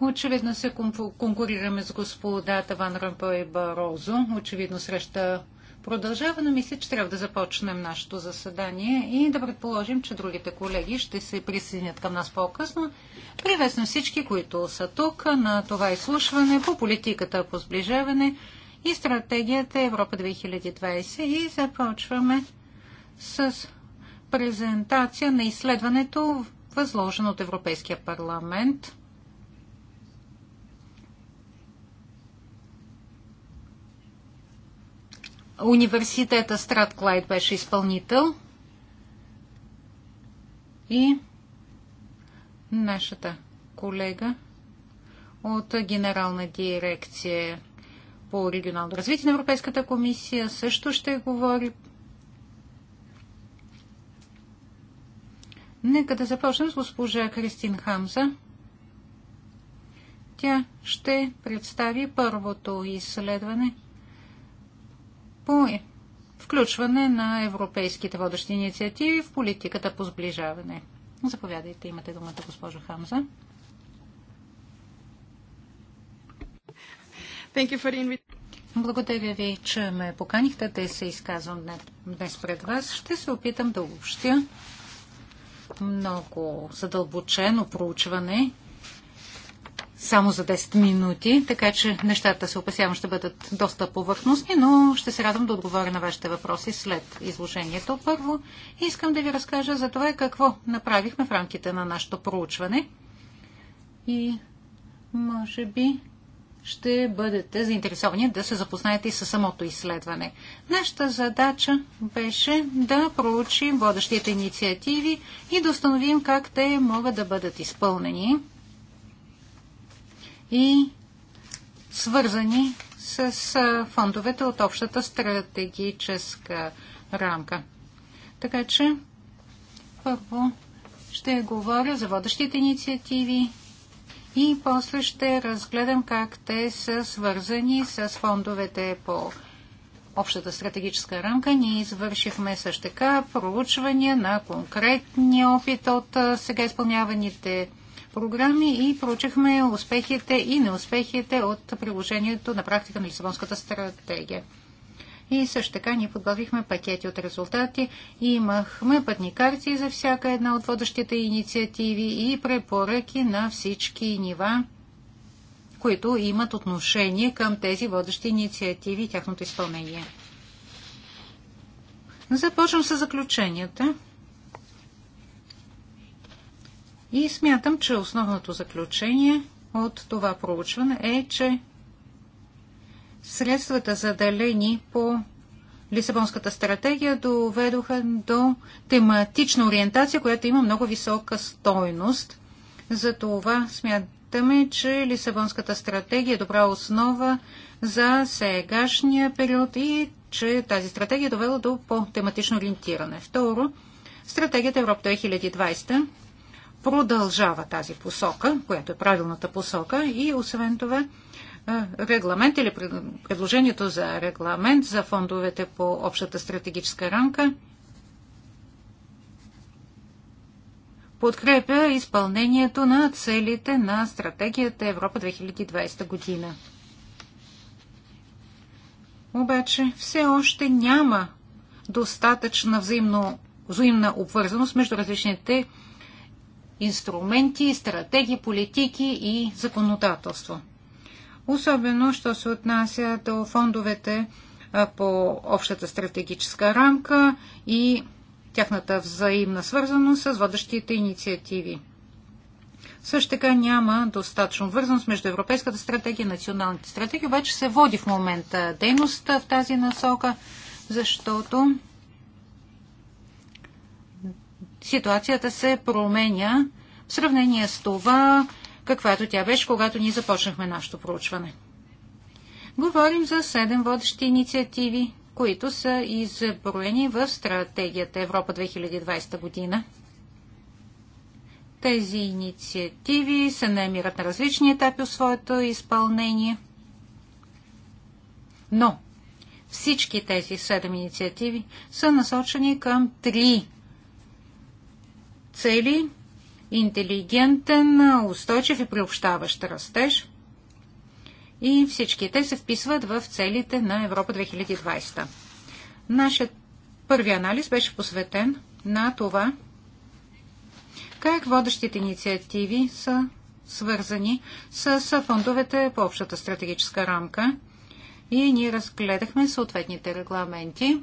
Очевидно се конкурираме с господата Ван Ромпой и Барозо. Очевидно среща продължава, но мисля, че трябва да започнем нашето заседание и да предположим, че другите колеги ще се присъединят към нас по-късно. Приветствам всички, които са тук на това изслушване по политиката по сближаване и стратегията Европа 2020 и започваме с презентация на изследването, възложено от Европейския парламент. Университета Страт Клайд беше изпълнител и нашата колега от Генерална дирекция по регионално развитие на Европейската комисия също ще говори Нека да започнем с госпожа Кристин Хамза. Тя ще представи първото изследване по включване на европейските водещи инициативи в политиката по сближаване. Заповядайте, имате думата, госпожо Хамза. Благодаря ви, че ме поканихте да се изказвам днес пред вас. Ще се опитам да обобщя много задълбочено проучване, само за 10 минути, така че нещата се опасявам ще бъдат доста повърхностни, но ще се радвам да отговоря на вашите въпроси след изложението. Първо искам да ви разкажа за това какво направихме в рамките на нашето проучване и може би ще бъдете заинтересовани да се запознаете и със самото изследване. Нашата задача беше да проучим водещите инициативи и да установим как те могат да бъдат изпълнени и свързани с фондовете от общата стратегическа рамка. Така че първо ще говоря за водещите инициативи и после ще разгледам как те са свързани с фондовете по общата стратегическа рамка. Ние извършихме също така проучвания на конкретния опит от сега изпълняваните програми и проучихме успехите и неуспехите от приложението на практика на Лисабонската стратегия. И също така ние подготвихме пакети от резултати и имахме пътни карти за всяка една от водещите инициативи и препоръки на всички нива, които имат отношение към тези водещи инициативи и тяхното изпълнение. Започвам с заключенията. И смятам, че основното заключение от това проучване е, че Средствата заделени по Лисабонската стратегия доведоха до тематична ориентация, която има много висока стойност. Затова смятаме, че Лисабонската стратегия е добра основа за сегашния период и че тази стратегия е довела до по-тематично ориентиране. Второ, стратегията Европа 2020 продължава тази посока, която е правилната посока и освен това регламент или предложението за регламент за фондовете по общата стратегическа рамка подкрепя изпълнението на целите на стратегията Европа 2020 година. Обаче все още няма достатъчна взаимно, взаимна обвързаност между различните инструменти, стратегии, политики и законодателство особено що се отнася до фондовете по общата стратегическа рамка и тяхната взаимна свързаност с водещите инициативи. Също така няма достатъчно вързаност между Европейската стратегия и националните стратегии, обаче се води в момента дейност в тази насока, защото ситуацията се променя в сравнение с това, каквато тя беше, когато ние започнахме нашето проучване. Говорим за седем водещи инициативи, които са изброени в стратегията Европа 2020 година. Тези инициативи се намират на различни етапи от своето изпълнение. Но всички тези седем инициативи са насочени към три цели, интелигентен, устойчив и приобщаващ растеж. И всички те се вписват в целите на Европа 2020. Нашият първи анализ беше посветен на това, как водещите инициативи са свързани с фондовете по общата стратегическа рамка и ние разгледахме съответните регламенти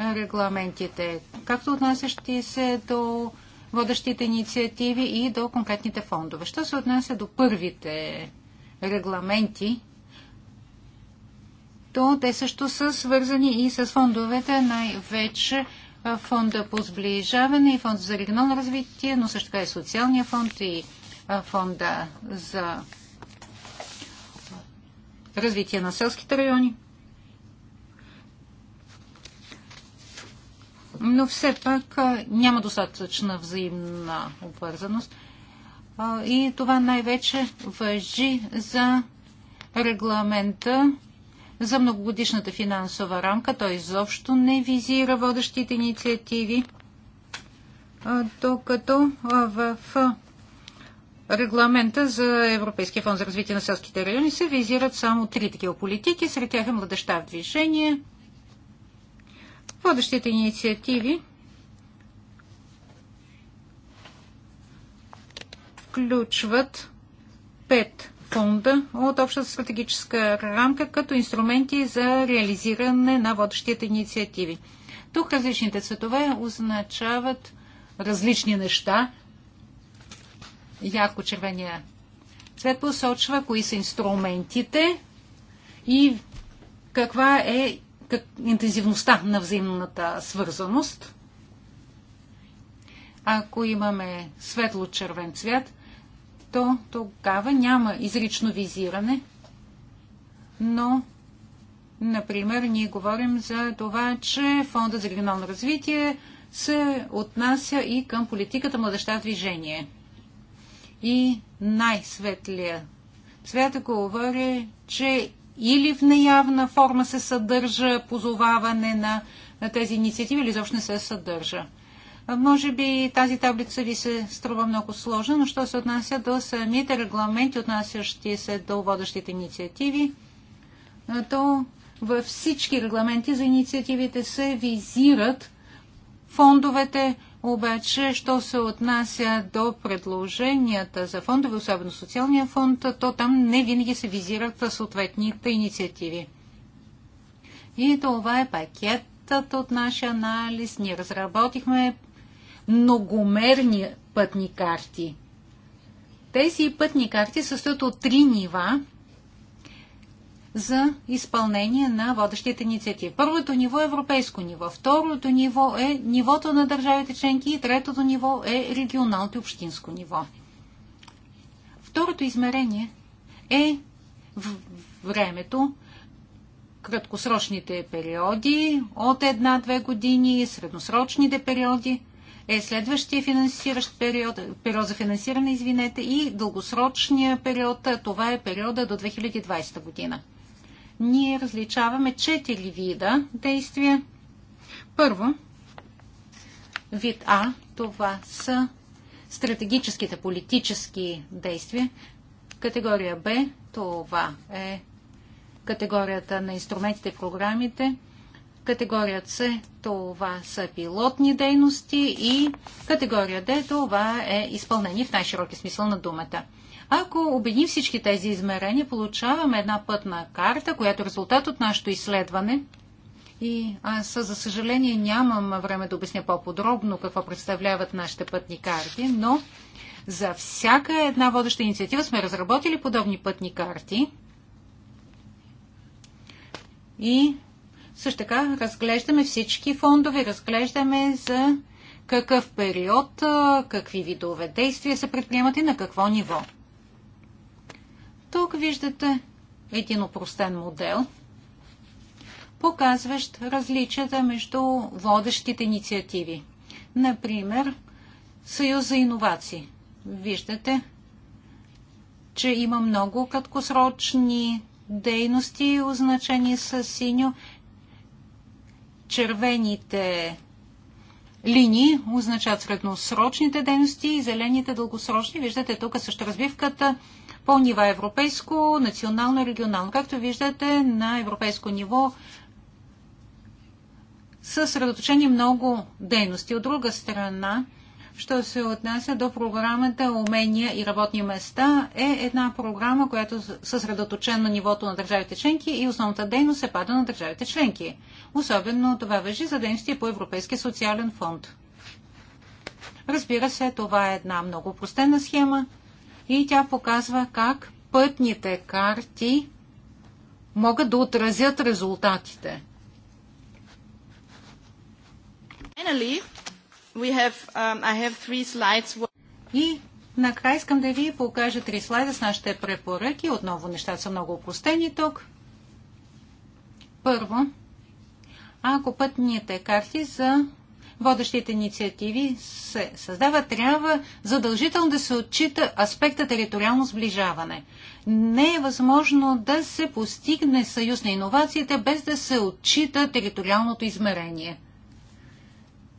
регламентите, както отнасящи се до водещите инициативи и до конкретните фондове. Що се отнася до първите регламенти, то те също са свързани и с фондовете, най-вече фонда по сближаване и фонд за регионално развитие, но също така и социалния фонд и фонда за развитие на селските райони. но все пак няма достатъчна взаимна обвързаност. И това най-вече въжи за регламента за многогодишната финансова рамка. Той изобщо не визира водещите инициативи, докато в регламента за Европейския фонд за развитие на селските райони се визират само три такива политики. Сред тях е младеща в движение, Водещите инициативи включват пет фонда от общата стратегическа рамка като инструменти за реализиране на водещите инициативи. Тук различните цветове означават различни неща. Ярко-червения цвет посочва кои са инструментите и каква е как, интензивността на взаимната свързаност. Ако имаме светло-червен цвят, то тогава няма изрично визиране, но, например, ние говорим за това, че Фонда за регионално развитие се отнася и към политиката младеща движение. И най-светлия цвят говори, че или в неявна форма се съдържа позоваване на, на тези инициативи или изобщо не се съдържа. Може би тази таблица ви се струва много сложна, но що се отнася до самите регламенти, отнасящи се до водещите инициативи, то във всички регламенти за инициативите се визират фондовете, обаче, що се отнася до предложенията за фондове, особено социалния фонд, то там не винаги се визират съответните инициативи. И това е пакетът от нашия анализ. Ние разработихме многомерни пътни карти. Тези пътни карти състоят от три нива за изпълнение на водещите инициативи. Първото ниво е европейско ниво, второто ниво е нивото на държавите членки и третото ниво е регионалното и общинско ниво. Второто измерение е времето, краткосрочните периоди от една-две години, средносрочните периоди е следващия финансиращ период, период за финансиране, извинете, и дългосрочния период, това е периода до 2020 година ние различаваме четири вида действия. Първо, вид А, това са стратегическите политически действия. Категория Б, това е категорията на инструментите и програмите. Категория С, това са пилотни дейности. И категория Д, това е изпълнение в най-широки смисъл на думата. Ако обединим всички тези измерения, получаваме една пътна карта, която е резултат от нашето изследване. И аз, за съжаление, нямам време да обясня по-подробно какво представляват нашите пътни карти, но за всяка една водеща инициатива сме разработили подобни пътни карти. И също така разглеждаме всички фондове, разглеждаме за какъв период, какви видове действия се предприемат и на какво ниво. Тук виждате един упростен модел, показващ различията между водещите инициативи. Например, Съюз за иновации. Виждате, че има много краткосрочни дейности, означени с синьо. Червените линии означават средносрочните дейности и зелените дългосрочни. Виждате тук също разбивката по нива европейско, национално и регионално. Както виждате, на европейско ниво са средоточени много дейности. От друга страна, Що се отнася до програмата Умения и работни места е една програма, която съсредоточена на нивото на държавите членки и основната дейност се пада на държавите членки. Особено това въжи за дейности по Европейския социален фонд. Разбира се, това е една много простена схема и тя показва как пътните карти могат да отразят резултатите. We have, um, I have three slides. И накрая искам да ви покажа три слайда с нашите препоръки. Отново нещата са много опростени тук. Първо, ако пътните карти за водещите инициативи се създават, трябва задължително да се отчита аспекта териториално сближаване. Не е възможно да се постигне съюз на иновациите без да се отчита териториалното измерение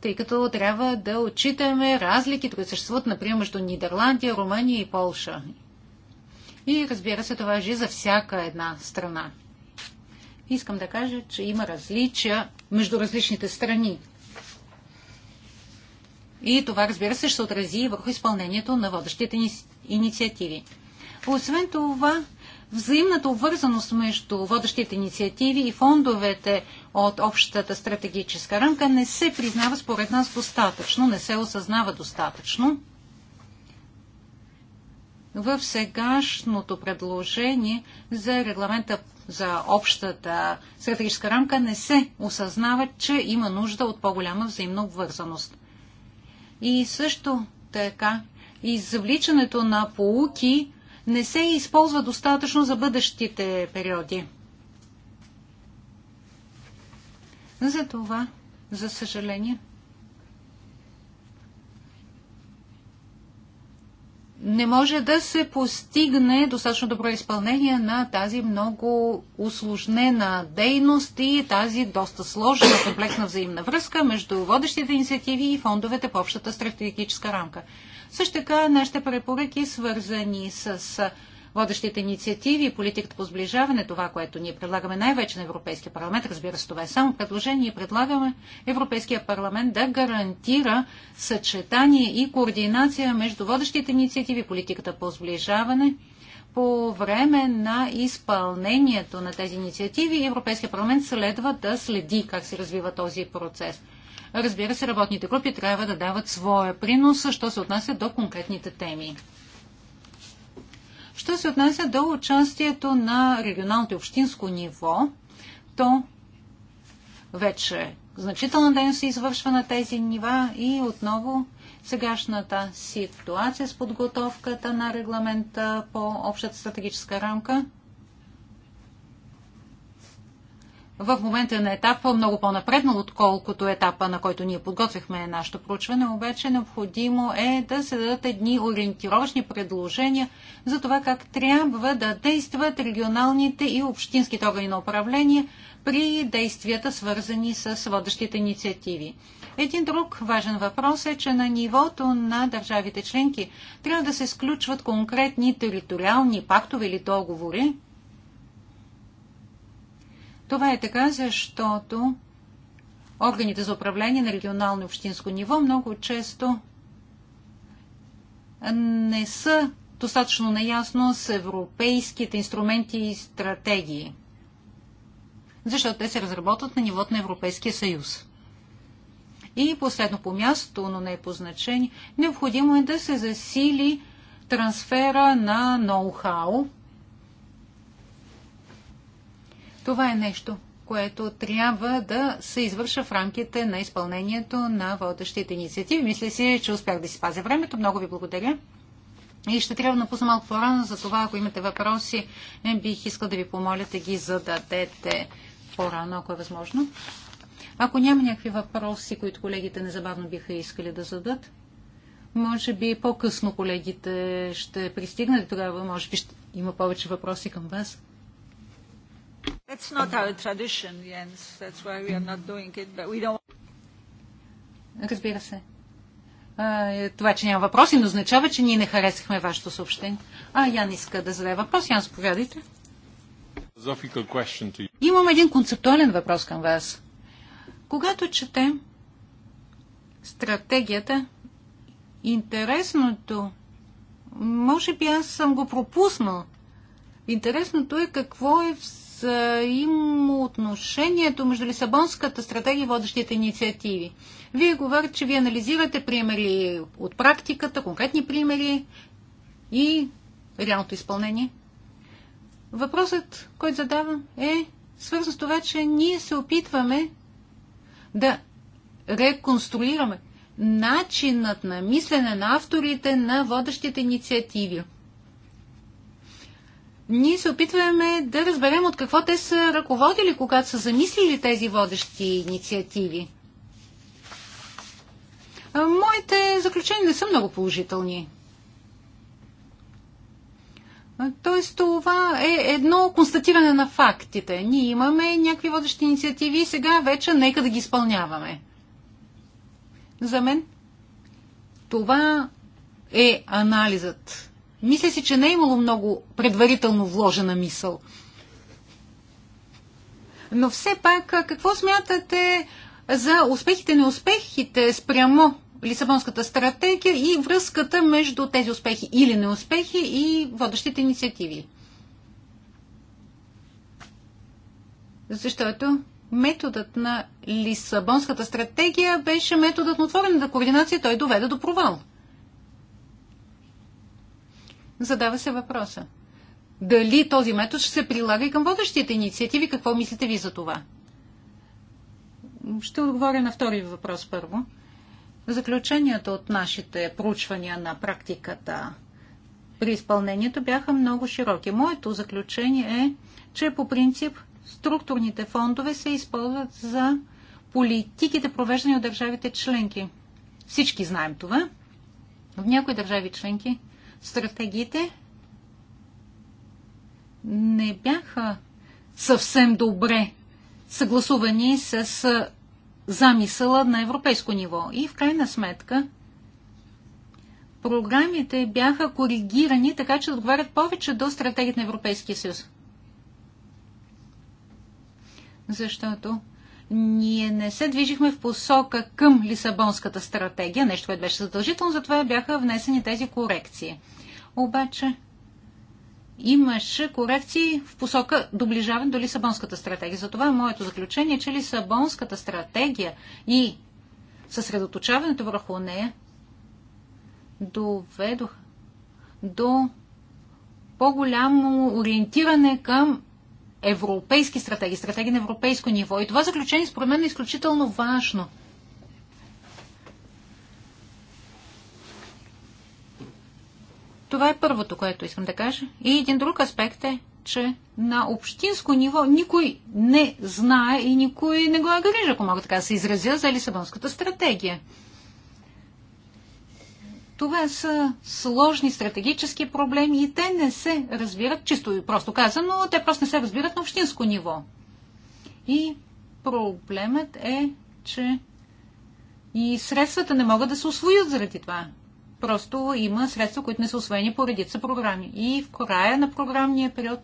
тъй като трябва да отчитаме разликите, които съществуват, например, между Нидерландия, Румъния и Полша. И разбира се, това е за всяка една страна. Искам да кажа, че има различия между различните страни. И това, разбира се, ще отрази върху изпълнението на водещите инициативи. Освен това, взаимната обвързаност между водещите инициативи и фондовете от общата стратегическа рамка не се признава според нас достатъчно, не се осъзнава достатъчно. В сегашното предложение за регламента за общата стратегическа рамка не се осъзнава, че има нужда от по-голяма взаимна обвързаност. И също така извличането на полуки не се използва достатъчно за бъдещите периоди. Затова, за съжаление, не може да се постигне достатъчно добро изпълнение на тази много усложнена дейност и тази доста сложна комплексна взаимна връзка между водещите инициативи и фондовете по общата стратегическа рамка. Също така нашите препоръки, свързани с водещите инициативи, и политиката по сближаване, това, което ние предлагаме най-вече на Европейския парламент, разбира се, това е само предложение, предлагаме Европейския парламент да гарантира съчетание и координация между водещите инициативи, и политиката по сближаване, по време на изпълнението на тези инициативи Европейския парламент следва да следи как се развива този процес. Разбира се, работните групи трябва да дават своя принос, що се отнася до конкретните теми. Що се отнася до участието на регионалното и общинско ниво, то вече значителна дейност се извършва на тези нива и отново сегашната ситуация с подготовката на регламента по общата стратегическа рамка – в момента е на етап много по-напреднал, отколкото етапа, на който ние подготвихме нашето проучване, обаче необходимо е да се дадат едни ориентировъчни предложения за това как трябва да действат регионалните и общинските органи на управление при действията, свързани с водещите инициативи. Един друг важен въпрос е, че на нивото на държавите членки трябва да се сключват конкретни териториални пактове или договори, това е така, защото органите за управление на регионално и общинско ниво много често не са достатъчно наясно с европейските инструменти и стратегии, защото те се разработват на нивото на Европейския съюз. И последно по място, но не е по значение, необходимо е да се засили трансфера на ноу-хау Това е нещо, което трябва да се извърша в рамките на изпълнението на водещите инициативи. Мисля си, че успях да си пазя времето. Много ви благодаря. И ще трябва да напусна малко по-рано, за това, ако имате въпроси, е, бих искал да ви помоля да ги зададете по-рано, ако е възможно. Ако няма някакви въпроси, които колегите незабавно биха искали да зададат, може би по-късно колегите ще пристигнат и тогава може би ще има повече въпроси към вас. That's not our tradition, Jens. That's why we are not doing it, but we don't... Разбира се. А, е, това, че няма въпроси, не означава, че ние не харесахме вашето съобщение. А, Ян иска да зададе въпрос. Ян, сповядайте. Имам един концептуален въпрос към вас. Когато четем стратегията, интересното, може би аз съм го пропуснал, интересното е какво е всъщност взаимоотношението между Лисабонската стратегия и водещите инициативи. Вие говорите, че вие анализирате примери от практиката, конкретни примери и реалното изпълнение. Въпросът, който задавам е свързан с това, че ние се опитваме да реконструираме начинът на мислене на авторите на водещите инициативи – ние се опитваме да разберем от какво те са ръководили, когато са замислили тези водещи инициативи. Моите заключения не са много положителни. Тоест това е едно констатиране на фактите. Ние имаме някакви водещи инициативи и сега вече нека да ги изпълняваме. За мен това е анализът мисля си, че не е имало много предварително вложена мисъл. Но все пак, какво смятате за успехите и неуспехите спрямо Лисабонската стратегия и връзката между тези успехи или неуспехи и водещите инициативи? Защото методът на Лисабонската стратегия беше методът на отворената координация, той доведе до провал. Задава се въпроса. Дали този метод ще се прилага и към водещите инициативи? Какво мислите ви за това? Ще отговоря на втори въпрос първо. Заключенията от нашите проучвания на практиката при изпълнението бяха много широки. Моето заключение е, че по принцип структурните фондове се използват за политиките, провеждани от държавите членки. Всички знаем това. В някои държави членки стратегиите не бяха съвсем добре съгласувани с замисъла на европейско ниво. И в крайна сметка програмите бяха коригирани така, че отговарят повече до стратегията на Европейския съюз. Защото ние не се движихме в посока към Лисабонската стратегия, нещо, което беше задължително, затова бяха внесени тези корекции. Обаче имаше корекции в посока доближаване до Лисабонската стратегия. Затова е моето заключение е, че Лисабонската стратегия и съсредоточаването върху нея доведоха до по-голямо ориентиране към европейски стратегии, стратегии на европейско ниво. И това заключение според мен е изключително важно. Това е първото, което искам да кажа. И един друг аспект е, че на общинско ниво никой не знае и никой не го е грижа, ако мога така да се изразя, за Лисабонската стратегия. Това са сложни стратегически проблеми и те не се разбират, чисто и просто казано, те просто не се разбират на общинско ниво. И проблемът е, че и средствата не могат да се освоят заради това. Просто има средства, които не са освоени по редица програми. И в края на програмния период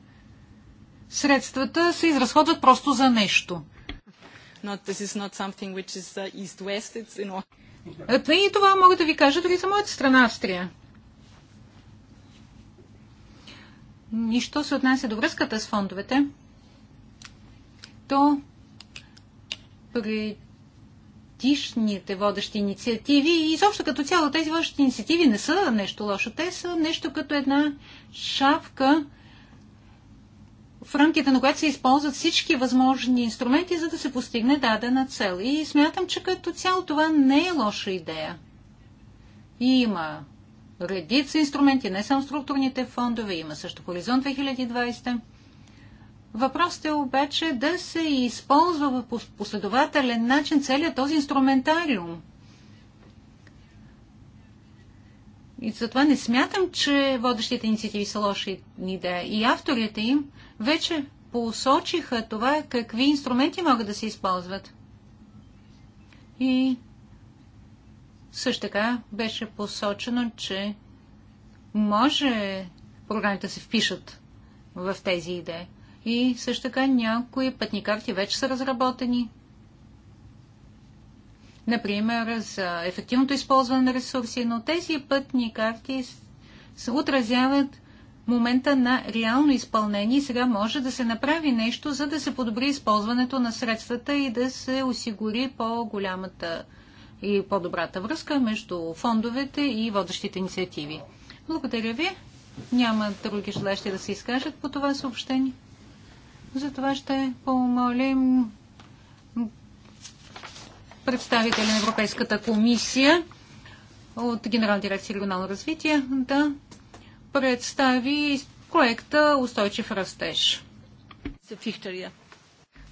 средствата се изразходват просто за нещо. Not, this is not something which is uh, east-west, it's е, и това мога да ви кажа дори за моята страна Австрия. И що се отнася до връзката с фондовете, то предишните водещи инициативи и изобщо като цяло тези водещи инициативи не са нещо лошо. Те са нещо като една шапка, в рамките на която се използват всички възможни инструменти, за да се постигне дадена цел. И смятам, че като цяло това не е лоша идея. И има редица инструменти, не само структурните фондове, има също Хоризонт 2020. Въпросът е обаче да се използва по последователен начин целият този инструментариум – И затова не смятам, че водещите инициативи са лоши идея. И авторите им вече посочиха това, какви инструменти могат да се използват. И също така беше посочено, че може програмите да се впишат в тези идеи. И също така някои пътни карти вече са разработени например, за ефективното използване на ресурси, но тези пътни карти се отразяват момента на реално изпълнение и сега може да се направи нещо, за да се подобри използването на средствата и да се осигури по-голямата и по-добрата връзка между фондовете и водещите инициативи. Благодаря ви. Няма други желащи да се изкажат по това съобщение. Затова ще помолим представителя на Европейската комисия от Генерална дирекция регионално развитие да представи проекта Устойчив растеж. Е.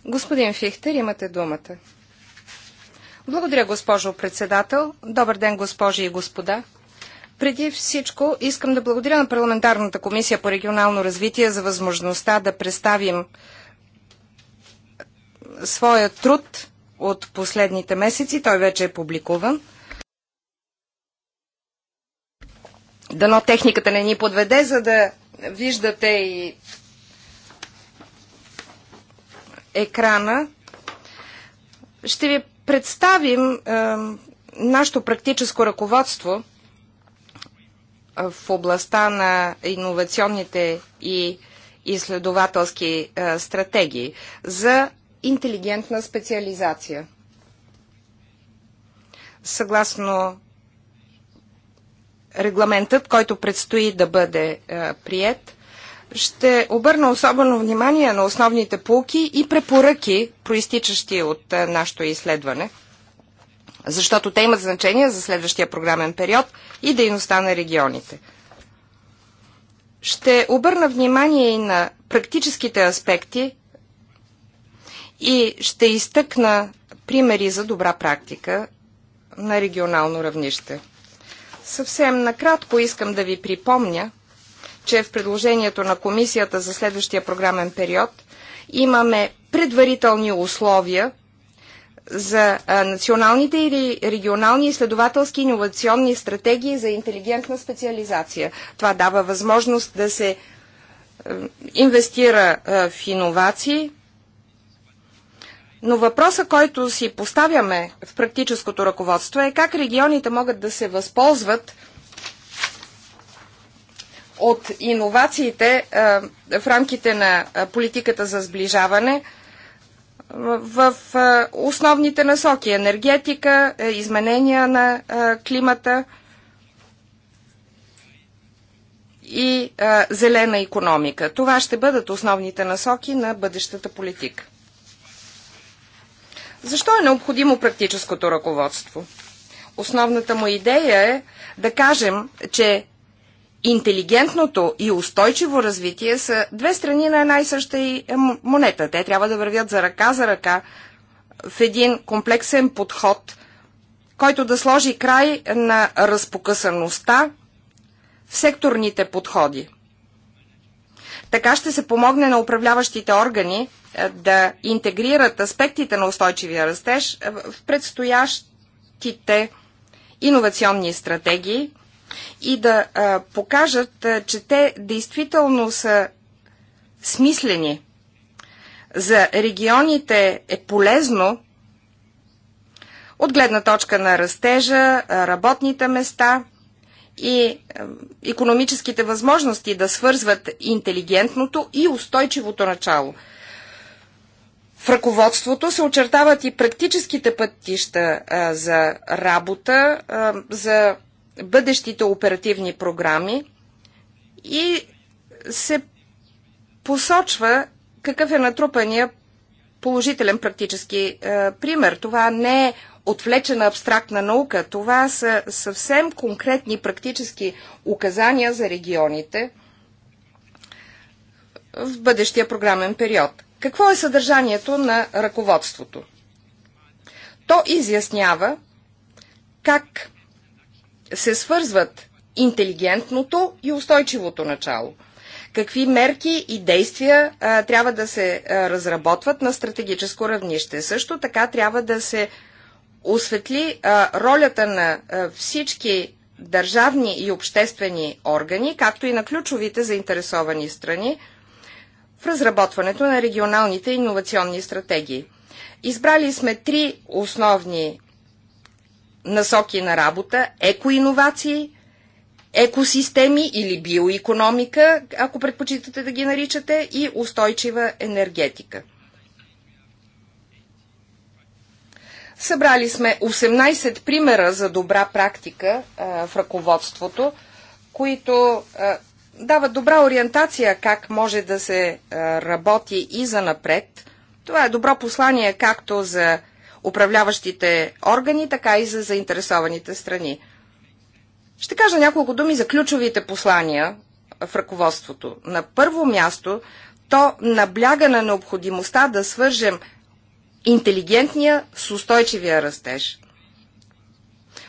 Господин Фихтер, имате думата. Благодаря, госпожо председател. Добър ден, госпожи и господа. Преди всичко искам да благодаря на Парламентарната комисия по регионално развитие за възможността да представим своя труд от последните месеци. Той вече е публикуван. Дано техниката не ни подведе, за да виждате и екрана. Ще ви представим е, нашето практическо ръководство в областта на иновационните и изследователски е, стратегии за интелигентна специализация. Съгласно регламентът, който предстои да бъде е, прият, ще обърна особено внимание на основните полки и препоръки, проистичащи от е, нашето изследване, защото те имат значение за следващия програмен период и дейността на регионите. Ще обърна внимание и на практическите аспекти и ще изтъкна примери за добра практика на регионално равнище. Съвсем накратко искам да ви припомня, че в предложението на комисията за следващия програмен период имаме предварителни условия за националните или регионални изследователски иновационни стратегии за интелигентна специализация. Това дава възможност да се инвестира в иновации, но въпросът, който си поставяме в практическото ръководство е как регионите могат да се възползват от иновациите в рамките на политиката за сближаване в основните насоки енергетика, е, изменения на климата и зелена економика. Това ще бъдат основните насоки на бъдещата политика. Защо е необходимо практическото ръководство? Основната му идея е да кажем, че интелигентното и устойчиво развитие са две страни на една и съща и е, монета. Те трябва да вървят за ръка за ръка в един комплексен подход, който да сложи край на разпокъсаността в секторните подходи. Така ще се помогне на управляващите органи е, да интегрират аспектите на устойчивия растеж е, в предстоящите иновационни стратегии и да е, покажат, че те действително са смислени. За регионите е полезно от гледна точка на растежа, работните места и економическите възможности да свързват интелигентното и устойчивото начало. В ръководството се очертават и практическите пътища а, за работа, а, за бъдещите оперативни програми и се посочва какъв е натрупания положителен практически а, е, пример. Това не е отвлечена абстрактна наука. Това са съвсем конкретни практически указания за регионите в бъдещия програмен период. Какво е съдържанието на ръководството? То изяснява как се свързват интелигентното и устойчивото начало. Какви мерки и действия а, трябва да се а, разработват на стратегическо равнище. Също така трябва да се осветли а, ролята на а, всички държавни и обществени органи, както и на ключовите заинтересовани страни в разработването на регионалните иновационни стратегии. Избрали сме три основни насоки на работа – екоинновации, екосистеми или биоекономика, ако предпочитате да ги наричате, и устойчива енергетика – Събрали сме 18 примера за добра практика а, в ръководството, които а, дават добра ориентация как може да се а, работи и за напред. Това е добро послание както за управляващите органи, така и за заинтересованите страни. Ще кажа няколко думи за ключовите послания в ръководството. На първо място, то набляга на необходимостта да свържем интелигентния с устойчивия растеж.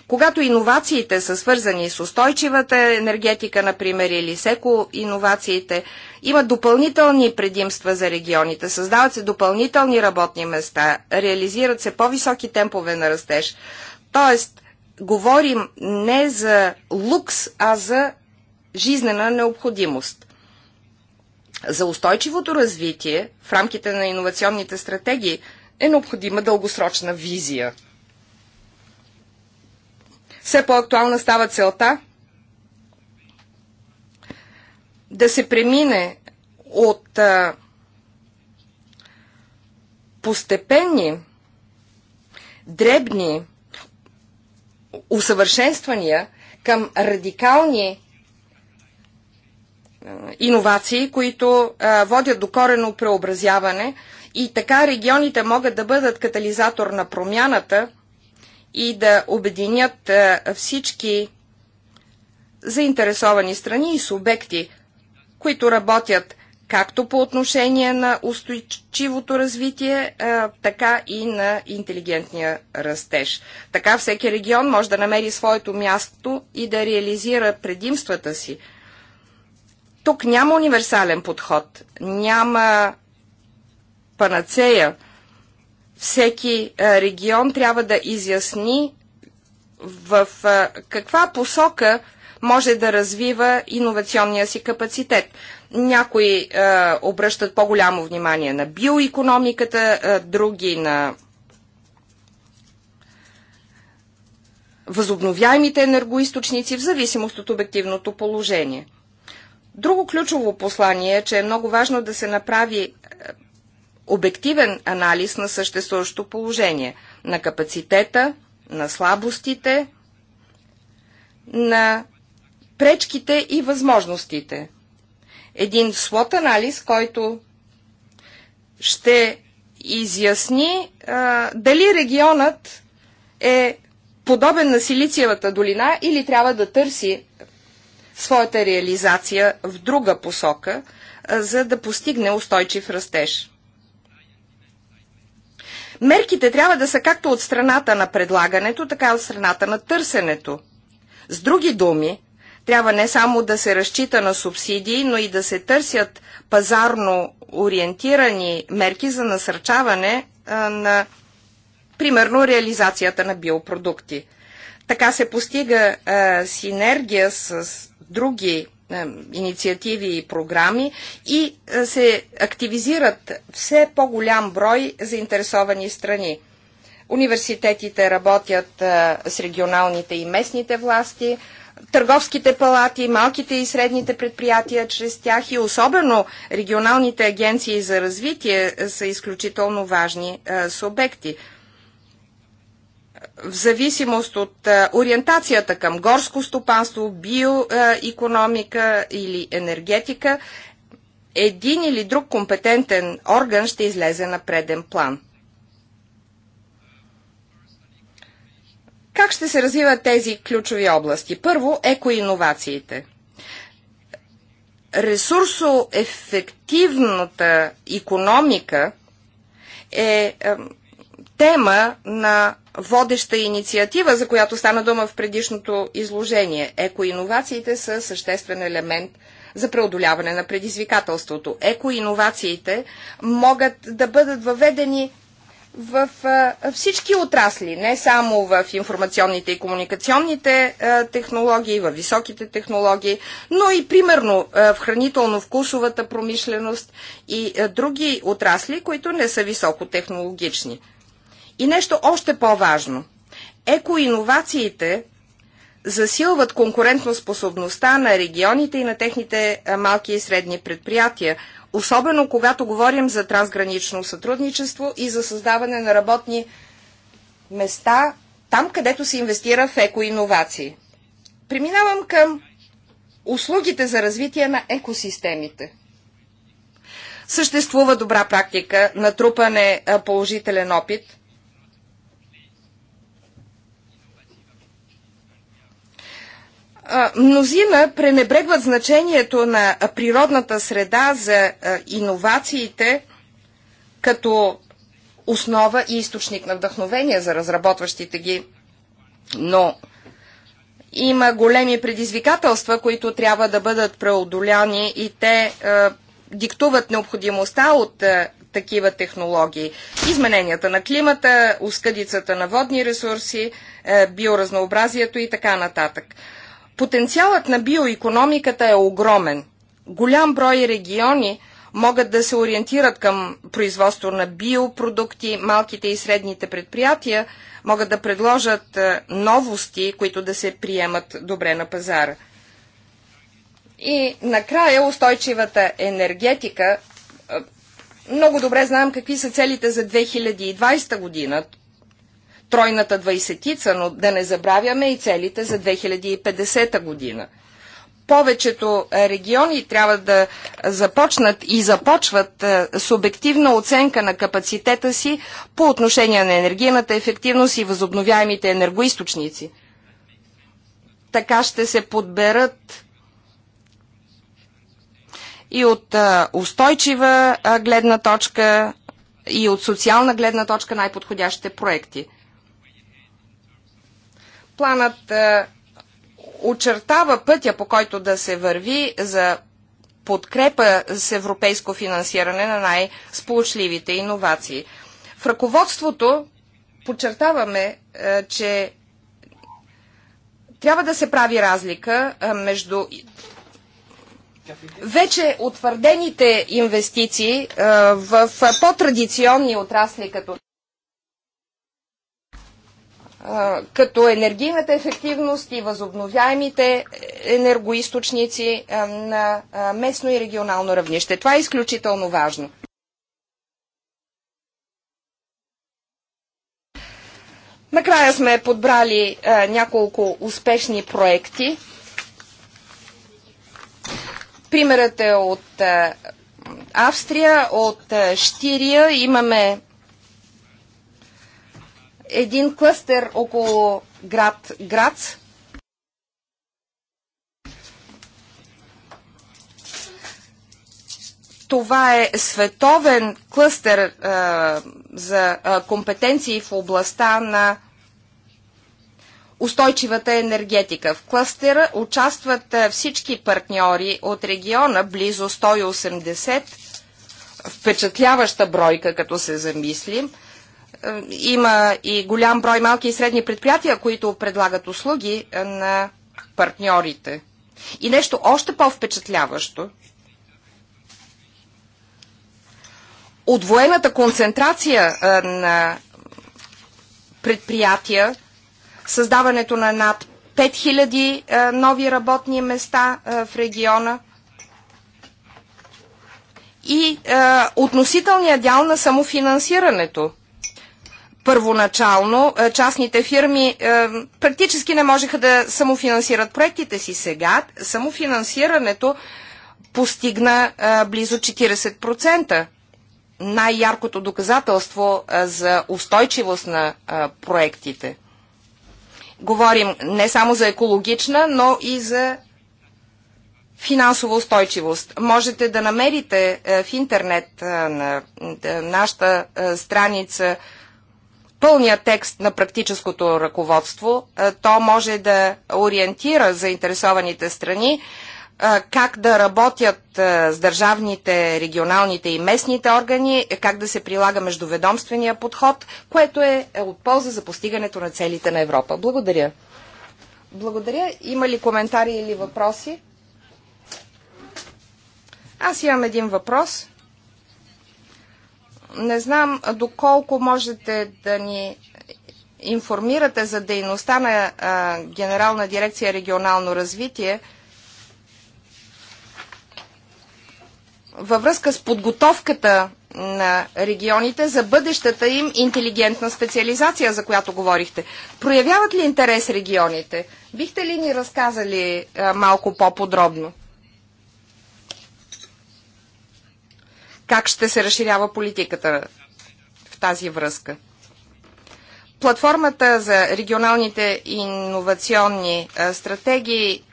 Когато иновациите са свързани с устойчивата енергетика, например, или секо иновациите, има допълнителни предимства за регионите, създават се допълнителни работни места, реализират се по-високи темпове на растеж. Тоест, говорим не за лукс, а за жизнена необходимост. За устойчивото развитие в рамките на иновационните стратегии – е необходима дългосрочна визия. Все по-актуална става целта да се премине от постепенни, дребни усъвършенствания към радикални иновации, които водят до корено преобразяване и така регионите могат да бъдат катализатор на промяната и да обединят е, всички заинтересовани страни и субекти, които работят както по отношение на устойчивото развитие, е, така и на интелигентния растеж. Така всеки регион може да намери своето място и да реализира предимствата си. Тук няма универсален подход, няма панацея. Всеки регион трябва да изясни в каква посока може да развива иновационния си капацитет. Някои е, обръщат по-голямо внимание на биоекономиката, е, други на възобновяемите енергоисточници, в зависимост от обективното положение. Друго ключово послание е, че е много важно да се направи обективен анализ на съществуващото положение, на капацитета, на слабостите, на пречките и възможностите. Един слот анализ, който ще изясни а, дали регионът е подобен на Силициевата долина или трябва да търси своята реализация в друга посока, а, за да постигне устойчив растеж. Мерките трябва да са както от страната на предлагането, така и от страната на търсенето. С други думи, трябва не само да се разчита на субсидии, но и да се търсят пазарно ориентирани мерки за насърчаване а, на, примерно, реализацията на биопродукти. Така се постига а, синергия с други е, инициативи и програми и е, се активизират все по-голям брой заинтересовани страни. Университетите работят е, с регионалните и местните власти, търговските палати, малките и средните предприятия чрез тях и особено регионалните агенции за развитие са изключително важни субекти в зависимост от ориентацията към горско стопанство, биоекономика или енергетика, един или друг компетентен орган ще излезе на преден план. Как ще се развиват тези ключови области? Първо, екоинновациите. Ресурсоефективната економика е, е тема на водеща инициатива, за която стана дума в предишното изложение. Екоиновациите са съществен елемент за преодоляване на предизвикателството. Екоиновациите могат да бъдат въведени в всички отрасли, не само в информационните и комуникационните технологии, в високите технологии, но и примерно в хранително-вкусовата промишленост и други отрасли, които не са високотехнологични. И нещо още по-важно. Екоинновациите засилват конкурентоспособността на регионите и на техните малки и средни предприятия, особено когато говорим за трансгранично сътрудничество и за създаване на работни места там, където се инвестира в екоинновации. Преминавам към услугите за развитие на екосистемите. Съществува добра практика, на трупане положителен опит – Мнозина пренебрегват значението на природната среда за иновациите като основа и източник на вдъхновение за разработващите ги. Но има големи предизвикателства, които трябва да бъдат преодоляни и те е, диктуват необходимостта от е, такива технологии. Измененията на климата, ускъдицата на водни ресурси, е, биоразнообразието и така нататък. Потенциалът на биоекономиката е огромен. Голям брой региони могат да се ориентират към производство на биопродукти, малките и средните предприятия могат да предложат е, новости, които да се приемат добре на пазара. И накрая устойчивата енергетика. Е, много добре знаем какви са целите за 2020 година тройната двайсетица, но да не забравяме и целите за 2050 година. Повечето региони трябва да започнат и започват е, субективна оценка на капацитета си по отношение на енергийната ефективност и възобновяемите енергоисточници. Така ще се подберат и от е, устойчива е, гледна точка и от социална гледна точка най-подходящите проекти. Планът е, очертава пътя, по който да се върви за подкрепа с европейско финансиране на най-сполучливите иновации. В ръководството подчертаваме, е, че трябва да се прави разлика е, между вече утвърдените инвестиции в по-традиционни отрасли като като енергийната ефективност и възобновяемите енергоисточници на местно и регионално равнище. Това е изключително важно. Накрая сме подбрали няколко успешни проекти. Примерът е от Австрия, от Штирия. Имаме един клъстер около град Грац. Това е световен клъстер а, е, за а, е, компетенции в областта на устойчивата енергетика. В клъстера участват е, всички партньори от региона, близо 180, впечатляваща бройка, като се замислим е, има и голям брой малки и средни предприятия, които предлагат услуги е, на партньорите. И нещо още по-впечатляващо. Отвоената концентрация е, на предприятия, създаването на над 5000 нови работни места в региона – и относителния дял на самофинансирането. Първоначално е, частните фирми е, практически не можеха да самофинансират проектите си. Сега самофинансирането постигна е, близо 40%. Най-яркото доказателство за устойчивост на проектите. Говорим не само за екологична, но и за финансова устойчивост. Можете да намерите в интернет на нашата страница пълния текст на практическото ръководство. Е, то може да ориентира заинтересованите страни е, как да работят е, с държавните, регионалните и местните органи, как да се прилага междуведомствения подход, което е от полза за постигането на целите на Европа. Благодаря. Благодаря. Има ли коментари или въпроси? Аз имам един въпрос. Не знам доколко можете да ни информирате за дейността на Генерална дирекция регионално развитие във връзка с подготовката на регионите за бъдещата им интелигентна специализация, за която говорихте. Проявяват ли интерес регионите? Бихте ли ни разказали малко по-подробно? как ще се разширява политиката в тази връзка. Платформата за регионалните иновационни стратегии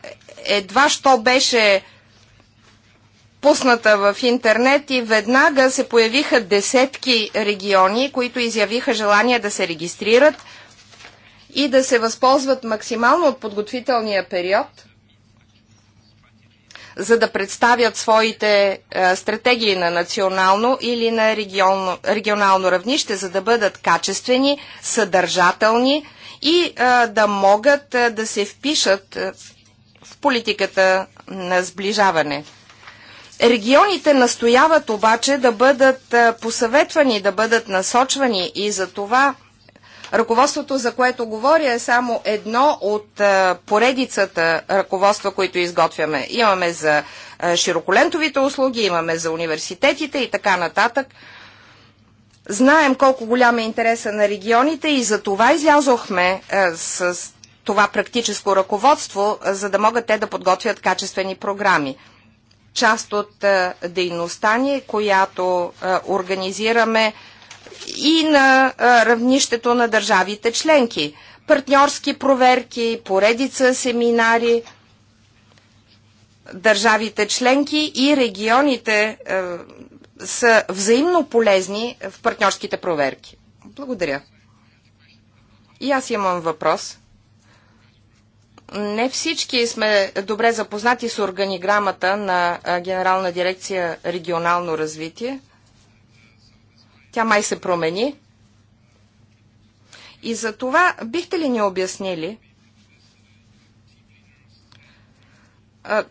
едва що беше пусната в интернет и веднага се появиха десетки региони, които изявиха желание да се регистрират и да се възползват максимално от подготвителния период – за да представят своите а, е, стратегии на национално или на регионно, регионално равнище, за да бъдат качествени, съдържателни и а, е, да могат а, е, да се впишат в политиката на сближаване. Регионите настояват обаче да бъдат посъветвани, да бъдат насочвани и за това Ръководството, за което говоря, е само едно от е, поредицата ръководства, които изготвяме. Имаме за е, широколентовите услуги, имаме за университетите и така нататък. Знаем колко голям е интереса на регионите и за това излязохме е, с това практическо ръководство, за да могат те да подготвят качествени програми част от дейността ни, която организираме и на равнището на държавите членки. Партньорски проверки, поредица семинари. Държавите членки и регионите е, са взаимно полезни в партньорските проверки. Благодаря. И аз имам въпрос. Не всички сме добре запознати с органиграмата на Генерална дирекция регионално развитие. Тя май се промени. И за това бихте ли ни обяснили?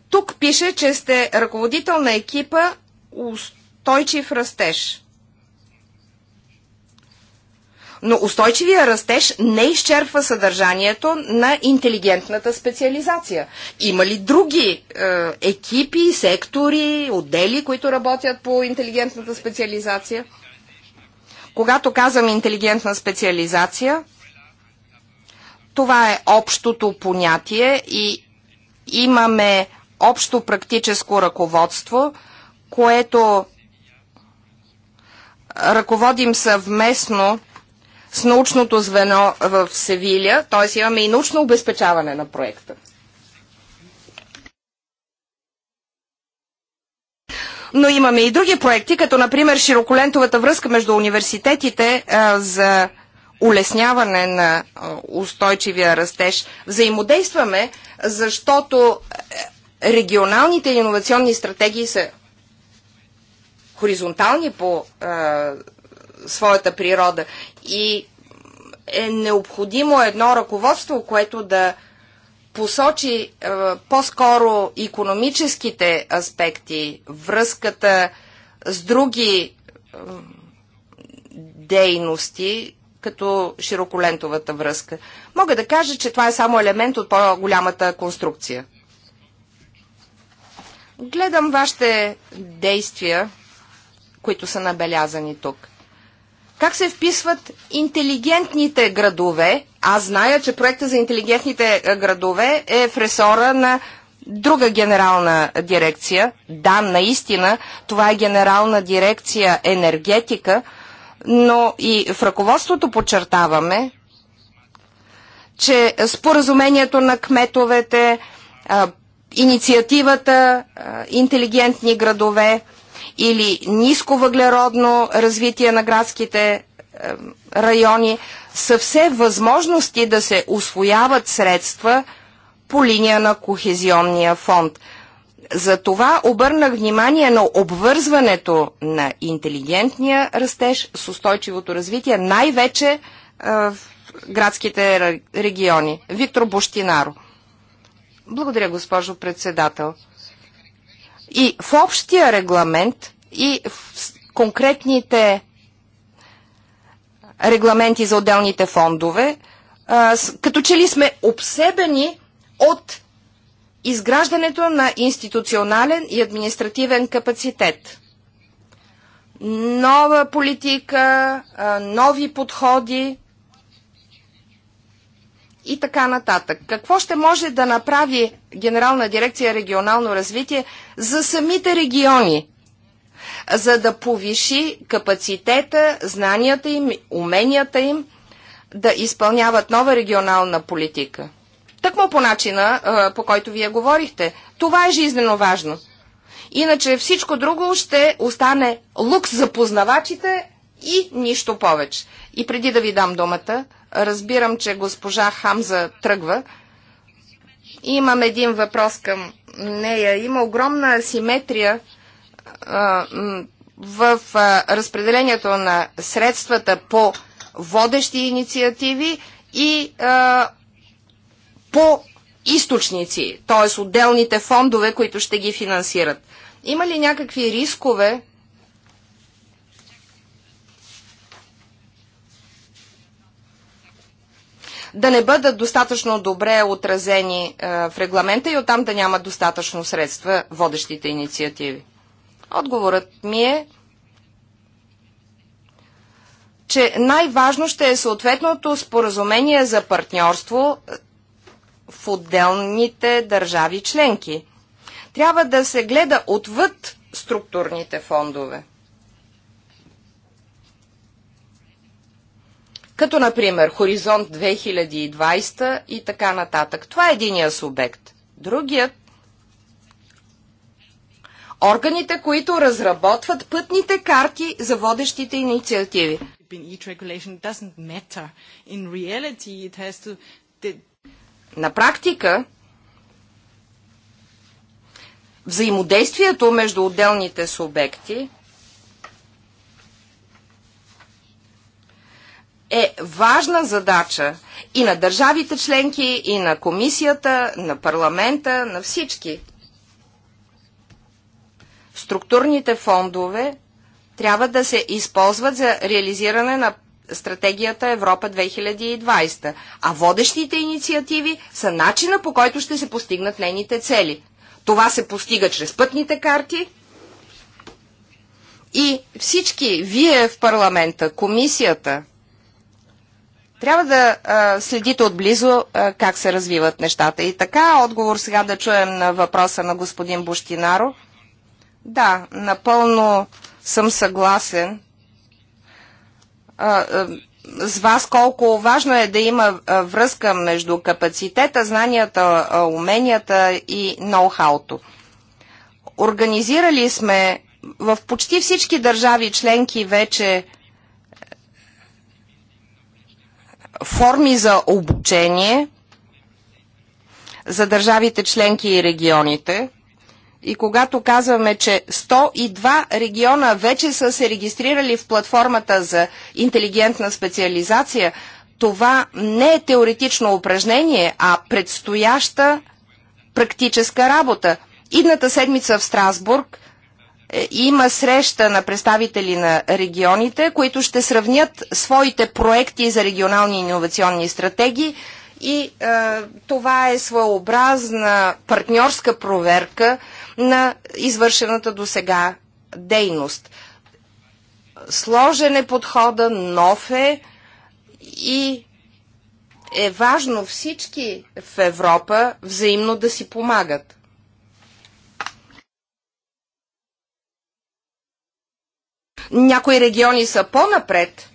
Тук пише, че сте ръководител на екипа устойчив растеж. Но устойчивия растеж не изчерпва съдържанието на интелигентната специализация. Има ли други е, екипи, сектори, отдели, които работят по интелигентната специализация? Когато казвам интелигентна специализация, това е общото понятие и имаме общо практическо ръководство, което ръководим съвместно с научното звено в Севиля, т.е. имаме и научно обезпечаване на проекта. но имаме и други проекти, като например широколентовата връзка между университетите а, за улесняване на устойчивия растеж. Взаимодействаме, защото е, регионалните иновационни стратегии са хоризонтални по а, своята природа и е необходимо едно ръководство, което да посочи е, по-скоро економическите аспекти, връзката с други е, дейности, като широколентовата връзка. Мога да кажа, че това е само елемент от по-голямата конструкция. Гледам вашите действия, които са набелязани тук. Как се вписват интелигентните градове аз зная, че проекта за интелигентните е, градове е в ресора на друга генерална дирекция. Да, наистина, това е генерална дирекция енергетика, но и в ръководството подчертаваме, че споразумението на кметовете, инициативата интелигентни градове или ниско въглеродно развитие на градските е, райони, са все възможности да се освояват средства по линия на Кохезионния фонд. За това обърнах внимание на обвързването на интелигентния растеж с устойчивото развитие, най-вече е, в градските региони. Виктор Бощинаро. Благодаря, госпожо председател. И в общия регламент, и в конкретните регламенти за отделните фондове, като че ли сме обсебени от изграждането на институционален и административен капацитет. Нова политика, нови подходи и така нататък. Какво ще може да направи Генерална дирекция регионално развитие за самите региони за да повиши капацитета, знанията им, уменията им да изпълняват нова регионална политика. Тъкмо по начина, по който вие говорихте. Това е жизненно важно. Иначе всичко друго ще остане лукс за познавачите и нищо повече. И преди да ви дам думата, разбирам, че госпожа Хамза тръгва. Имам един въпрос към нея. Има огромна асиметрия в разпределението на средствата по водещи инициативи и по източници, т.е. отделните фондове, които ще ги финансират. Има ли някакви рискове да не бъдат достатъчно добре отразени в регламента и оттам да няма достатъчно средства водещите инициативи? Отговорът ми е, че най-важно ще е съответното споразумение за партньорство в отделните държави членки. Трябва да се гледа отвъд структурните фондове. Като, например, Хоризонт 2020 и така нататък. Това е единия субект. Другият органите, които разработват пътните карти за водещите инициативи. На практика, взаимодействието между отделните субекти е важна задача и на държавите членки, и на комисията, на парламента, на всички – структурните фондове трябва да се използват за реализиране на стратегията Европа 2020, а водещите инициативи са начина по който ще се постигнат нейните цели. Това се постига чрез пътните карти и всички вие в парламента, комисията, трябва да а, следите отблизо а, как се развиват нещата. И така, отговор сега да чуем на въпроса на господин Буштинаро. Да, напълно съм съгласен с вас колко важно е да има връзка между капацитета, знанията, уменията и ноу-хауто. Организирали сме в почти всички държави членки вече е, форми за обучение за държавите членки и регионите – и когато казваме, че 102 региона вече са се регистрирали в платформата за интелигентна специализация, това не е теоретично упражнение, а предстояща практическа работа. Идната седмица в Страсбург е, има среща на представители на регионите, които ще сравнят своите проекти за регионални иновационни стратегии и е, това е своеобразна партньорска проверка на извършената до сега дейност. Сложен е подхода, нов е и е важно всички в Европа взаимно да си помагат. Някои региони са по-напред,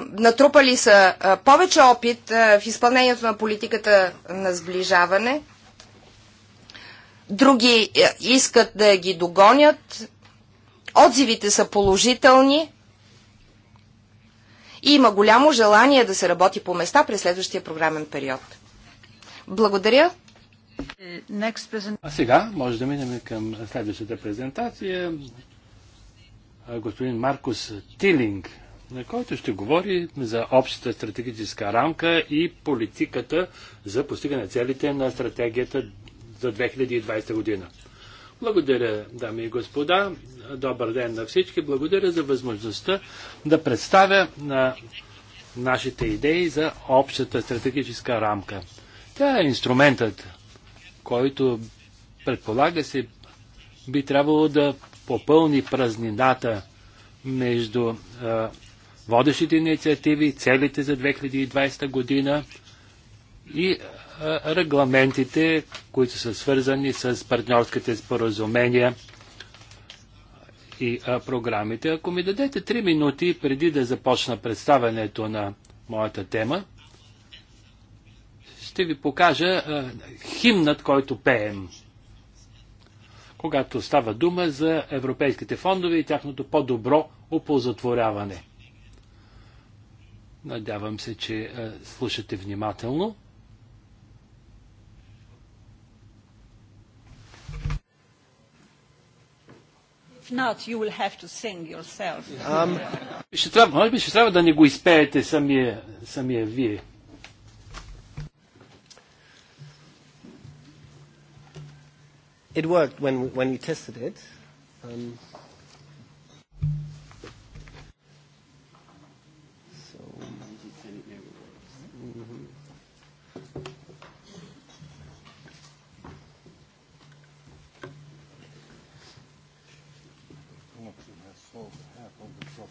натрупали са повече опит в изпълнението на политиката на сближаване – други е, искат да ги догонят. Отзивите са положителни. И има голямо желание да се работи по места през следващия програмен период. Благодаря. А сега може да минем към следващата презентация. Господин Маркус Тилинг, на който ще говори за общата стратегическа рамка и политиката за постигане целите на стратегията за 2020 година. Благодаря, дами и господа. Добър ден на всички. Благодаря за възможността да представя на нашите идеи за общата стратегическа рамка. Тя е инструментът, който предполага се би трябвало да попълни празнината между водещите инициативи, целите за 2020 година и регламентите, които са свързани с партньорските споразумения и програмите. Ако ми дадете 3 минути преди да започна представянето на моята тема, ще ви покажа химнат, който пеем. Когато става дума за европейските фондове и тяхното по-добро оползотворяване. Надявам се, че слушате внимателно. not, you will have to sing yourself. Um, ще трябва, може би ще трябва да не го изпеете самия, самия вие. It worked when, when we tested it. Um,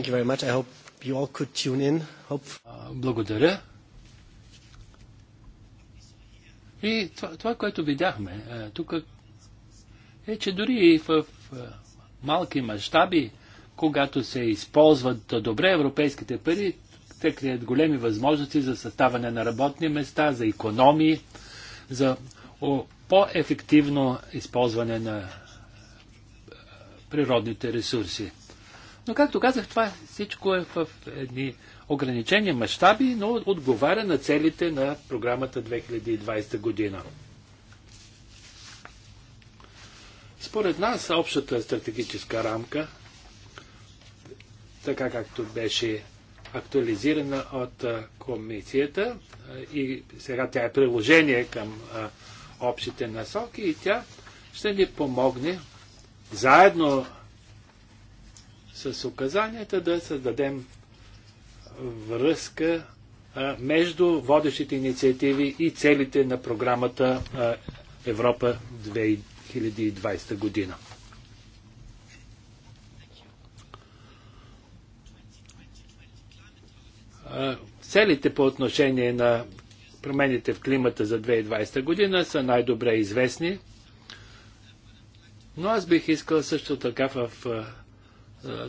Thank you very much. I hope you all could tune in. Благодаря. И това, това, което видяхме е, тук, е, че дори и в е, малки мащаби, когато се използват добре европейските пари, те крият големи възможности за съставане на работни места, за економии, за по-ефективно използване на е, природните ресурси. Но, както казах, това всичко е в едни ограничени мащаби, но отговаря на целите на програмата 2020 година. Според нас, общата стратегическа рамка, така както беше актуализирана от комисията и сега тя е приложение към общите насоки и тя ще ни помогне заедно с указанията да създадем връзка между водещите инициативи и целите на програмата Европа 2020 година. целите по отношение на промените в климата за 2020 година са най-добре известни, но аз бих искал също така в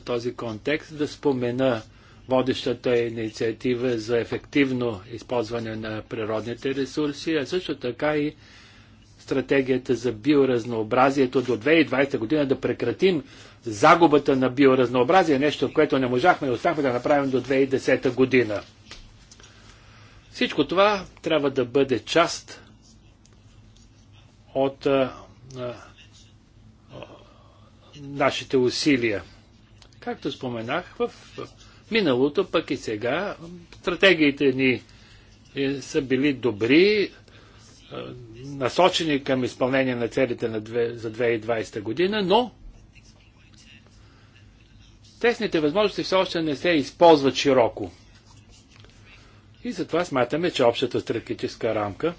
този контекст да спомена водещата инициатива за ефективно използване на природните ресурси, а също така и стратегията за биоразнообразието до 2020 година да прекратим загубата на биоразнообразие, нещо, което не можахме и останахме да направим до 2010 година. Всичко това трябва да бъде част от а, а, нашите усилия. Както споменах, в миналото, пък и сега, стратегиите ни е, са били добри, е, насочени към изпълнение на целите на две, за 2020 година, но техните възможности все още не се използват широко. И затова смятаме, че общата стратегическа рамка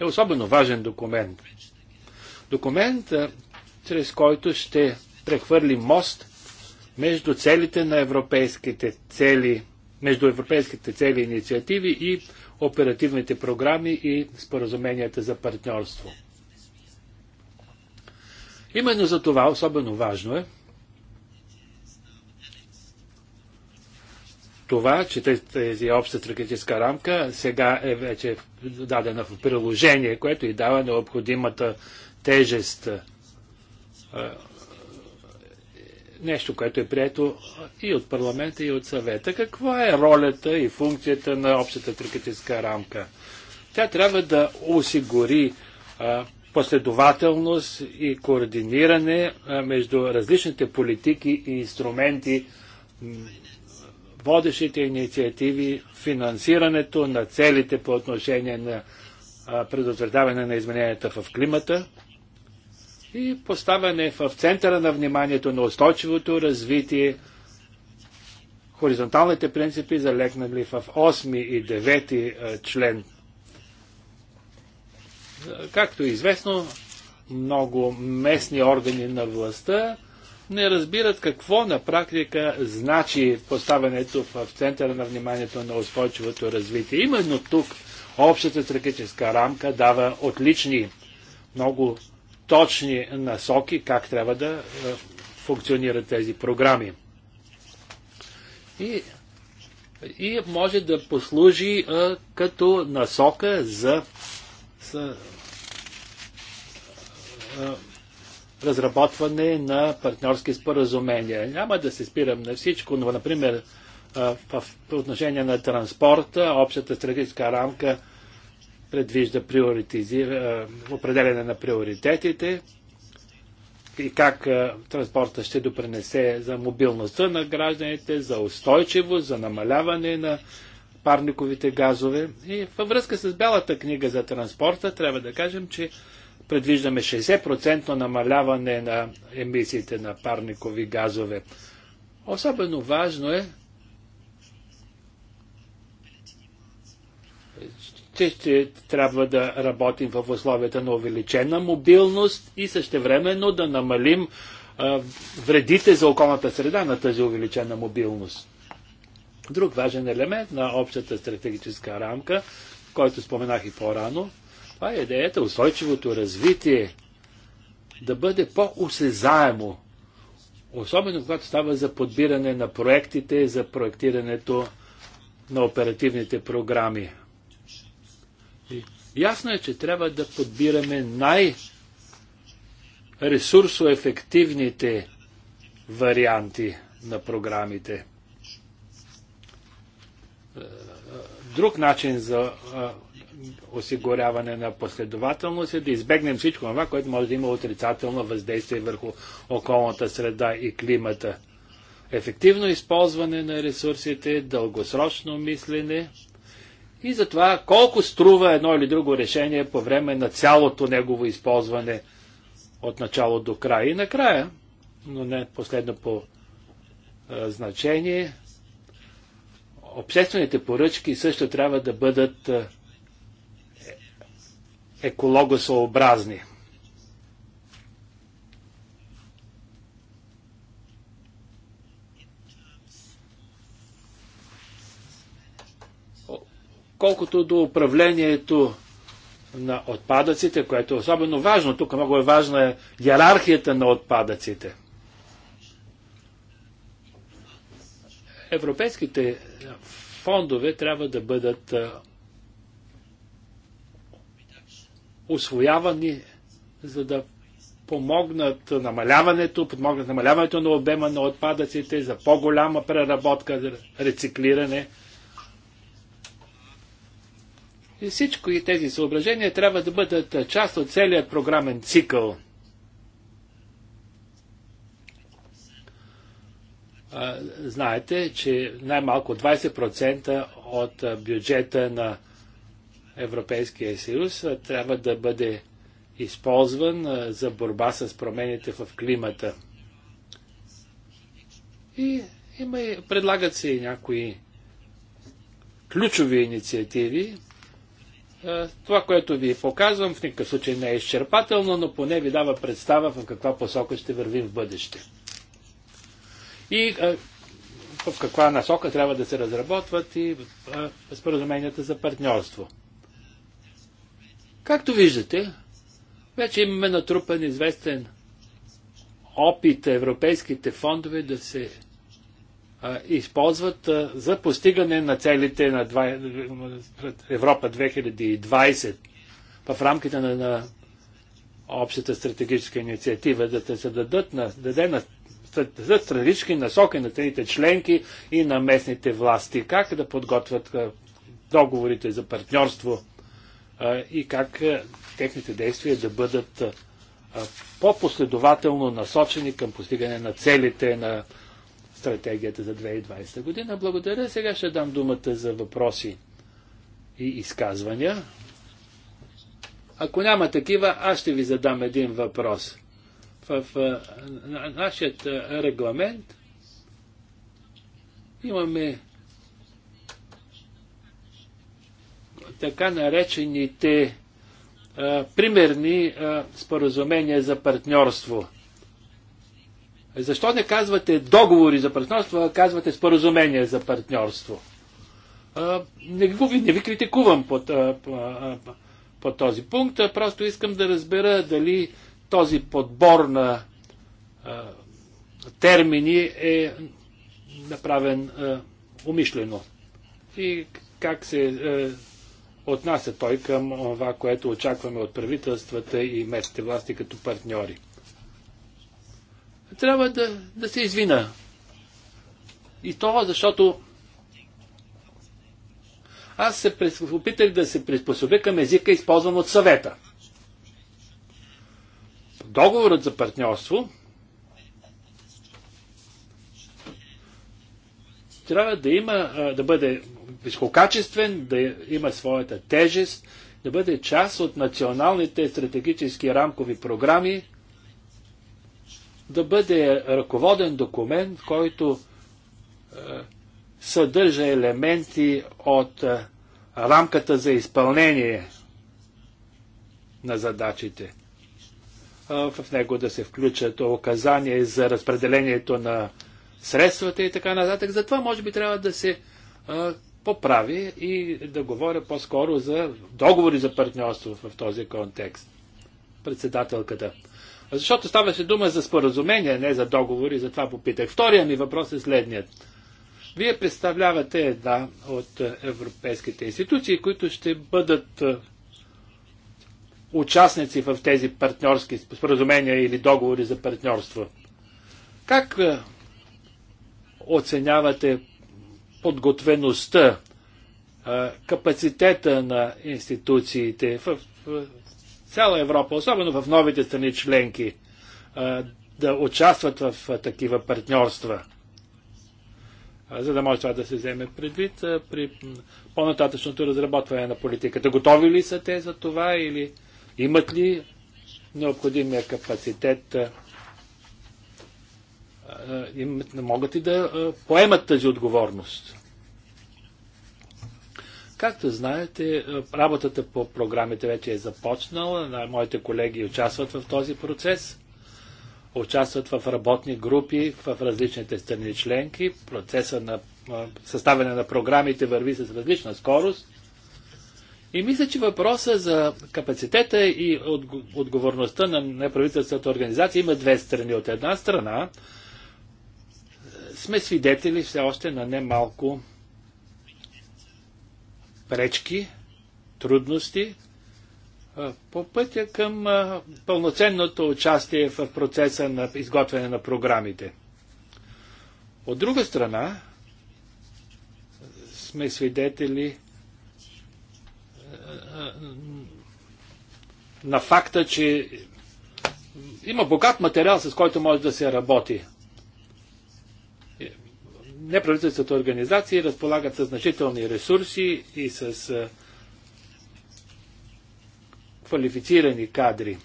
е особено важен документ. Документ, е, чрез който ще прехвърли мост между целите на европейските цели, между европейските цели и инициативи и оперативните програми и споразуменията за партньорство. Именно за това особено важно е това, че тази обща стратегическа рамка сега е вече дадена в приложение, което и дава необходимата тежест нещо, което е прието и от парламента, и от съвета. Каква е ролята и функцията на общата критическа рамка? Тя трябва да осигури последователност и координиране между различните политики и инструменти, водещите инициативи, финансирането на целите по отношение на предотвратяване на измененията в климата, и поставяне в центъра на вниманието на устойчивото развитие, хоризонталните принципи залегнали в 8 и 9 е, член. Както е известно, много местни органи на властта не разбират какво на практика значи поставянето в центъра на вниманието на устойчивото развитие. Именно тук общата стратегическа рамка дава отлични, много точни насоки как трябва да е, функционират тези програми. И, и може да послужи а, е, като насока за, за а, е, разработване на партньорски споразумения. Няма да се спирам на всичко, но, например, а, в, в отношение на транспорта, общата стратегическа рамка предвижда определене на приоритетите и как транспорта ще допринесе за мобилността на гражданите, за устойчивост, за намаляване на парниковите газове. И във връзка с Бялата книга за транспорта трябва да кажем, че предвиждаме 60% намаляване на емисиите на парникови газове. Особено важно е че ще трябва да работим в условията на увеличена мобилност и същевременно да намалим а, вредите за околната среда на тази увеличена мобилност. Друг важен елемент на общата стратегическа рамка, който споменах и по-рано, това е идеята устойчивото развитие да бъде по-осезаемо, особено когато става за подбиране на проектите, за проектирането на оперативните програми. Ясно е, че трябва да подбираме най-ресурсоефективните варианти на програмите. Е, друг начин за е, осигуряване на последователност е да избегнем всичко това, което може да има отрицателно въздействие върху околната среда и климата. Ефективно използване на ресурсите, дългосрочно мислене, и за това колко струва едно или друго решение по време на цялото негово използване от начало до края. И накрая, но не последно по а, значение, обществените поръчки също трябва да бъдат е, екологосообразни. Колкото до управлението на отпадъците, което е особено важно, тук много е важна е иерархията на отпадъците. Европейските фондове трябва да бъдат освоявани, за да помогнат намаляването, подмогнат намаляването на обема на отпадъците за по-голяма преработка, рециклиране – и всичко и тези съображения трябва да бъдат част от целият програмен цикъл. знаете, че най-малко 20% от бюджета на Европейския съюз трябва да бъде използван за борба с промените в климата. И има, предлагат се и някои ключови инициативи, е, това, което ви показвам, в никакъв случай не е изчерпателно, но поне ви дава представа в каква посока ще вървим в бъдеще. И е, в каква насока трябва да се разработват и е, споразуменията за партньорство. Както виждате, вече имаме натрупан известен опит европейските фондове да се използват за постигане на целите на Европа 2020 в рамките на, на общата стратегическа инициатива, да се дадат на, даде на за стратегически насоки на страните членки и на местните власти, как да подготвят договорите за партньорство и как техните действия да бъдат по-последователно насочени към постигане на целите на стратегията за 2020 година. Благодаря. Сега ще дам думата за въпроси и изказвания. Ако няма такива, аз ще ви задам един въпрос. В, в регламент имаме така наречените а, примерни а, споразумения за партньорство. Защо не казвате договори за партньорство, а казвате споразумение за партньорство? Не ви, не ви критикувам по, по, по, по този пункт, а просто искам да разбера дали този подбор на термини е направен умишлено. И как се отнася той към това, което очакваме от правителствата и местните власти като партньори трябва да, да се извина. И то, защото аз се опитах да се приспособя към езика, използван от съвета. Договорът за партньорство трябва да има, да бъде висококачествен, да има своята тежест, да бъде част от националните стратегически рамкови програми, да бъде ръководен документ, който е, съдържа елементи от е, рамката за изпълнение на задачите. В него да се включат указания за разпределението на средствата и така нататък. Затова може би трябва да се поправи и да говоря по-скоро за договори за партньорство в този контекст. Председателката. Защото ставаше дума за споразумение, не за договори, за това попитах. Втория ми въпрос е следният. Вие представлявате една от европейските институции, които ще бъдат е, участници в тези партньорски споразумения или договори за партньорство. Как е, оценявате подготвеността, е, капацитета на институциите в цяла Европа, особено в новите страни членки, да участват в такива партньорства, за да може това да се вземе предвид при по-нататъчното разработване на политиката. Готови ли са те за това или имат ли необходимия капацитет? могат ли да поемат тази отговорност? Както знаете, е, работата по програмите вече е започнала. Моите колеги участват в този процес. Участват в работни групи в различните страни членки. Процеса на съставяне на програмите върви с различна скорост. И мисля, че въпроса за капацитета и отговорността на неправителствената организация има две страни. От една страна е, сме свидетели все още на немалко пречки, трудности по пътя към пълноценното участие в процеса на изготвяне на програмите. От друга страна, сме свидетели на факта, че има богат материал, с който може да се работи неправителствените организации разполагат със значителни ресурси и с квалифицирани кадри.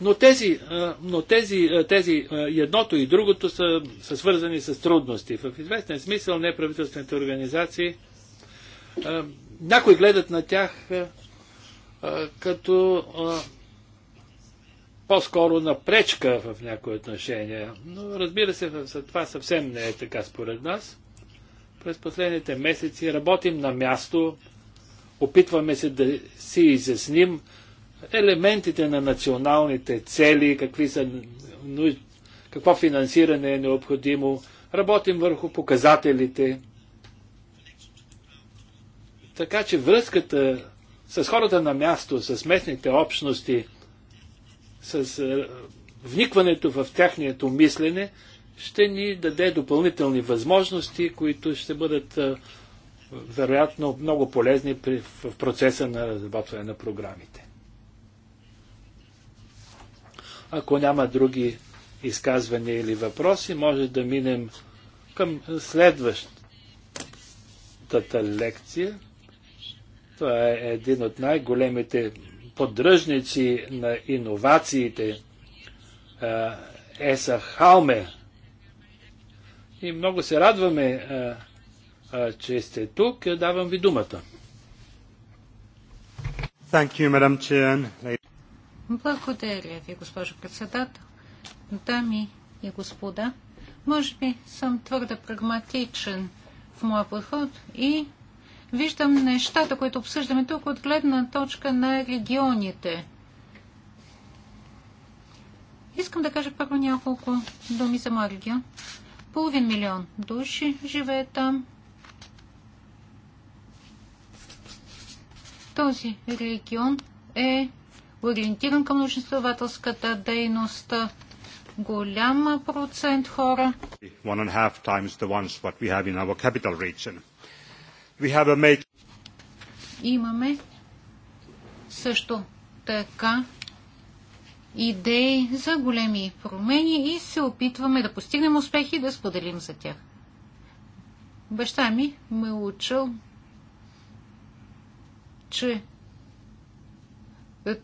Но тези, но тези, тези едното и другото са, са свързани с трудности. В известен смисъл неправителствените организации, някои гледат на тях като а, по-скоро на пречка в някои отношения. Но разбира се, това съвсем не е така според нас. През последните месеци работим на място, опитваме се да си изясним елементите на националните цели, какви са, какво финансиране е необходимо, работим върху показателите. Така че връзката с хората на място, с местните общности – с е, вникването в тяхното мислене ще ни даде допълнителни възможности, които ще бъдат е, вероятно много полезни в процеса на разработване на програмите. Ако няма други изказвания или въпроси, може да минем към следващата лекция. Това е един от най-големите поддръжници на иновациите Еса Халме. И много се радваме, че сте тук. Давам ви думата. Благодаря ви, госпожо председател. Дами и господа, може би съм твърде прагматичен в моя подход и виждам нещата, които обсъждаме тук от гледна точка на регионите. Искам да кажа първо няколко думи за моя регион. Половин милион души живеят там. Този регион е ориентиран към научно-изследователската дейност. Голям процент хора make... Имаме също така идеи за големи промени и се опитваме да постигнем успехи и да споделим за тях. Баща ми ме е учил, че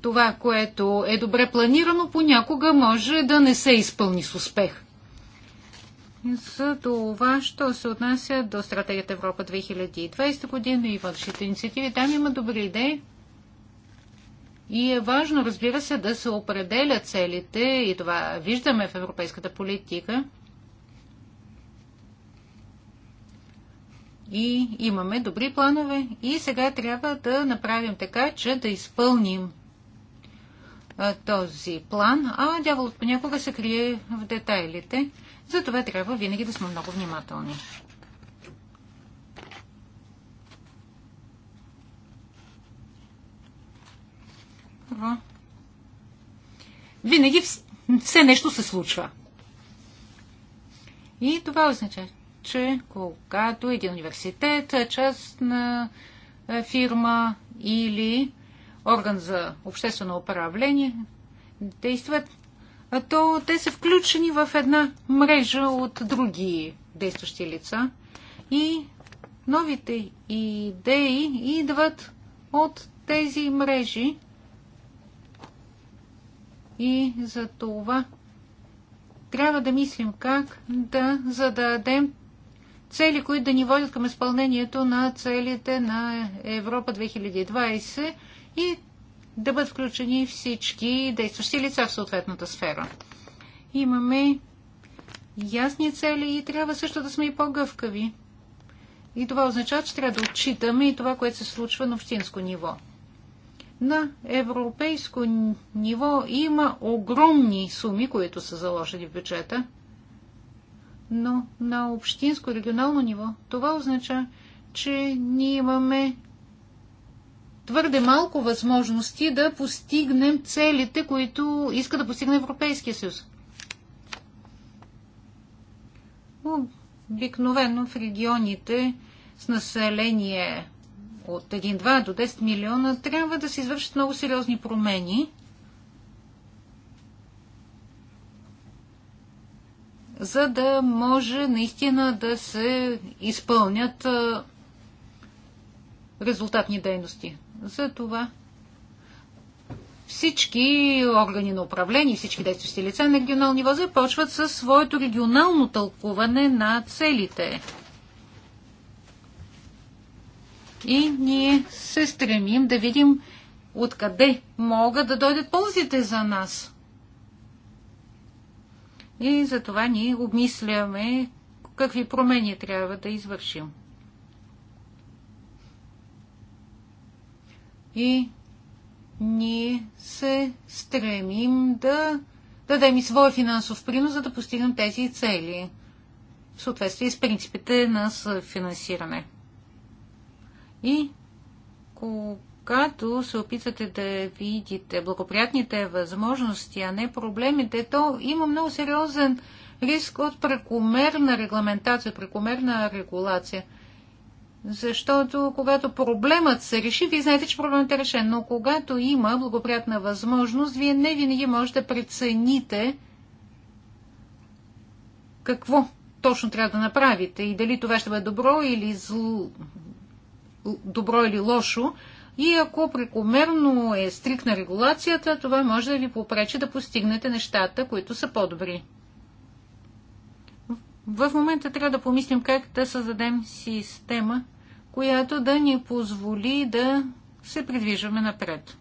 това, което е добре планирано, понякога може да не се изпълни с успех за това, що се отнася до стратегията Европа 2020 година и вършите инициативи. Там има добри идеи. И е важно, разбира се, да се определят целите и това виждаме в европейската политика. И имаме добри планове и сега трябва да направим така, че да изпълним този план, а дяволът понякога се крие в детайлите. Затова трябва винаги да сме много внимателни. Винаги все нещо се случва. И това означава, че когато един университет, е частна фирма или орган за обществено управление действат, то те са включени в една мрежа от други действащи лица и новите идеи идват от тези мрежи и за това трябва да мислим как да зададем цели, които да ни водят към изпълнението на целите на Европа 2020 и да бъдат включени всички действащи лица в съответната сфера. Имаме ясни цели и трябва също да сме и по-гъвкави. И това означава, че трябва да отчитаме и това, което се случва на общинско ниво. На европейско ниво има огромни суми, които са заложени в бюджета, но на общинско регионално ниво това означава, че ние имаме твърде малко възможности да постигнем целите, които иска да постигне Европейския съюз. Обикновено в регионите с население от 1-2 до 10 милиона трябва да се извършат много сериозни промени, за да може наистина да се изпълнят резултатни дейности. За това всички органи на управление, всички действащи лица на регионално ниво започват със своето регионално тълкуване на целите. И ние се стремим да видим откъде могат да дойдат ползите за нас. И затова ние обмисляме какви промени трябва да извършим. и ние се стремим да дадем и своя финансов принос, за да постигнем тези цели в съответствие с принципите на финансиране. И когато се опитвате да видите благоприятните възможности, а не проблемите, то има много сериозен риск от прекомерна регламентация, прекомерна регулация – защото когато проблемът се реши, вие знаете, че проблемът е решен, но когато има благоприятна възможност, вие не винаги можете да прецените какво точно трябва да направите и дали това ще бъде добро или зло, добро или лошо. И ако прекомерно е стрикна регулацията, това може да ви попречи да постигнете нещата, които са по-добри. В момента трябва да помислим как да създадем система, която да ни позволи да се придвижваме напред.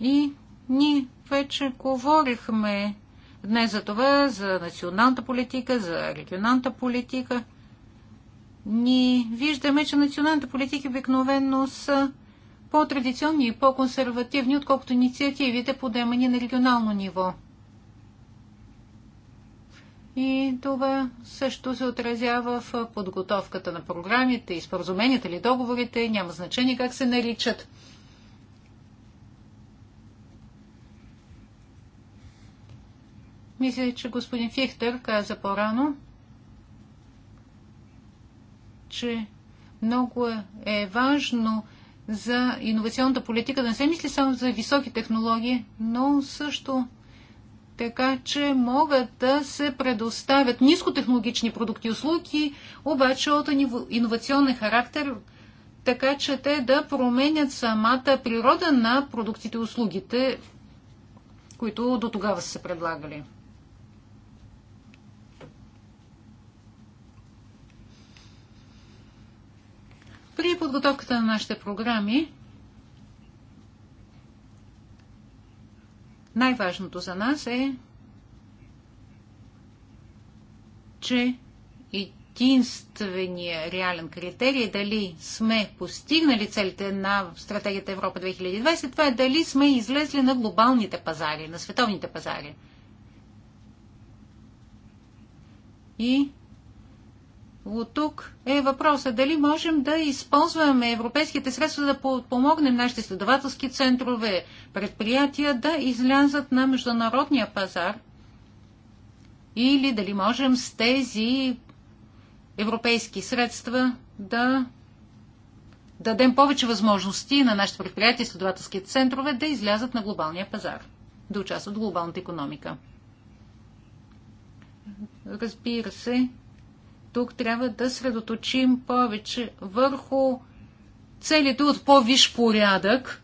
И ние вече говорихме днес за това, за националната политика, за регионалната политика. Ние виждаме, че националните политики обикновено са по-традиционни и по-консервативни, отколкото инициативите, подемани на регионално ниво – и това също се отразява в подготовката на програмите и споразуменията или договорите. Няма значение как се наричат. Мисля, че господин Фихтер каза по-рано, че много е, е важно за иновационната политика да не се мисли само за високи технологии, но също така че могат да се предоставят нискотехнологични продукти и услуги, обаче от иновационен характер, така че те да променят самата природа на продуктите и услугите, които до тогава са се предлагали. При подготовката на нашите програми Най-важното за нас е, че единствения реален критерий е дали сме постигнали целите на стратегията Европа 2020, това е дали сме излезли на глобалните пазари, на световните пазари. И от тук е въпроса дали можем да използваме европейските средства да подпомогнем нашите следователски центрове, предприятия да излязат на международния пазар или дали можем с тези европейски средства да дадем повече възможности на нашите предприятия и следователски центрове да излязат на глобалния пазар, да участват в глобалната економика. Разбира се, тук трябва да средоточим повече върху целите от по-виш порядък.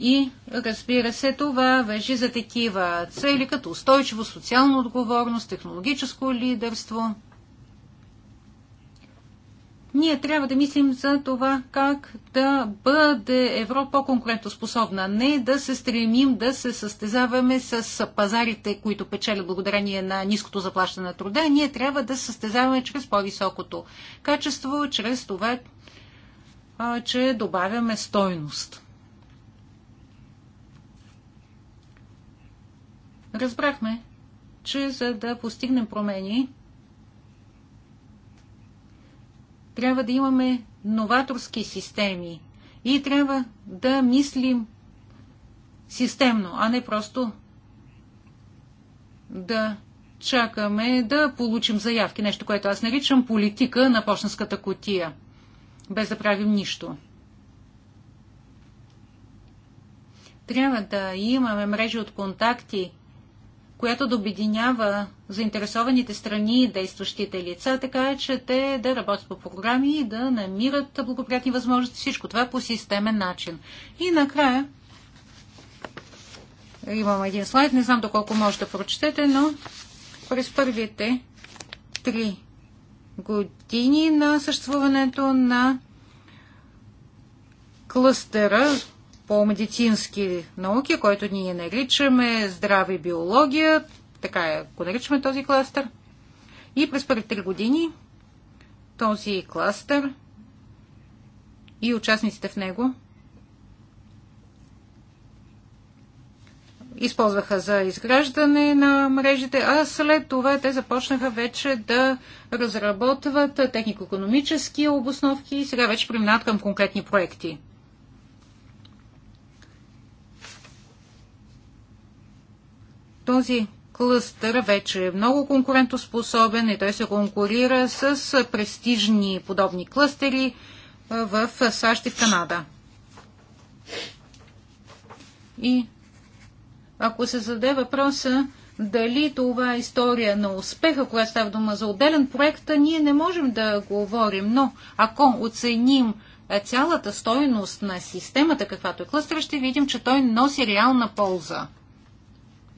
И разбира се, това въжи за такива цели като устойчиво, социална отговорност, технологическо лидерство – ние трябва да мислим за това как да бъде Европа по-конкурентоспособна. Не да се стремим да се състезаваме с пазарите, които печелят благодарение на ниското заплащане на труда. Ние трябва да състезаваме чрез по-високото качество, чрез това, че добавяме стойност. Разбрахме, че за да постигнем промени, Трябва да имаме новаторски системи и трябва да мислим системно, а не просто да чакаме да получим заявки. Нещо, което аз наричам политика на почтенската котия, без да правим нищо. Трябва да имаме мрежи от контакти която да обединява заинтересованите страни и действащите лица, така е, че те да работят по програми и да намират благоприятни възможности. Всичко това по системен начин. И накрая имам един слайд, не знам доколко може да прочетете, но през първите три години на съществуването на клъстера, по медицински науки, който ние наричаме здрави и биология, така е, го наричаме този кластър. И през първите три години този кластър и участниците в него използваха за изграждане на мрежите, а след това те започнаха вече да разработват технико-економически обосновки и сега вече преминават към конкретни проекти. Този клъстър вече е много конкурентоспособен и той се конкурира с престижни подобни клъстери в САЩ и в Канада. И ако се зададе въпроса дали това е история на успеха, която става дума за отделен проект, ние не можем да говорим, но ако оценим цялата стойност на системата, каквато е клъстър, ще видим, че той носи реална полза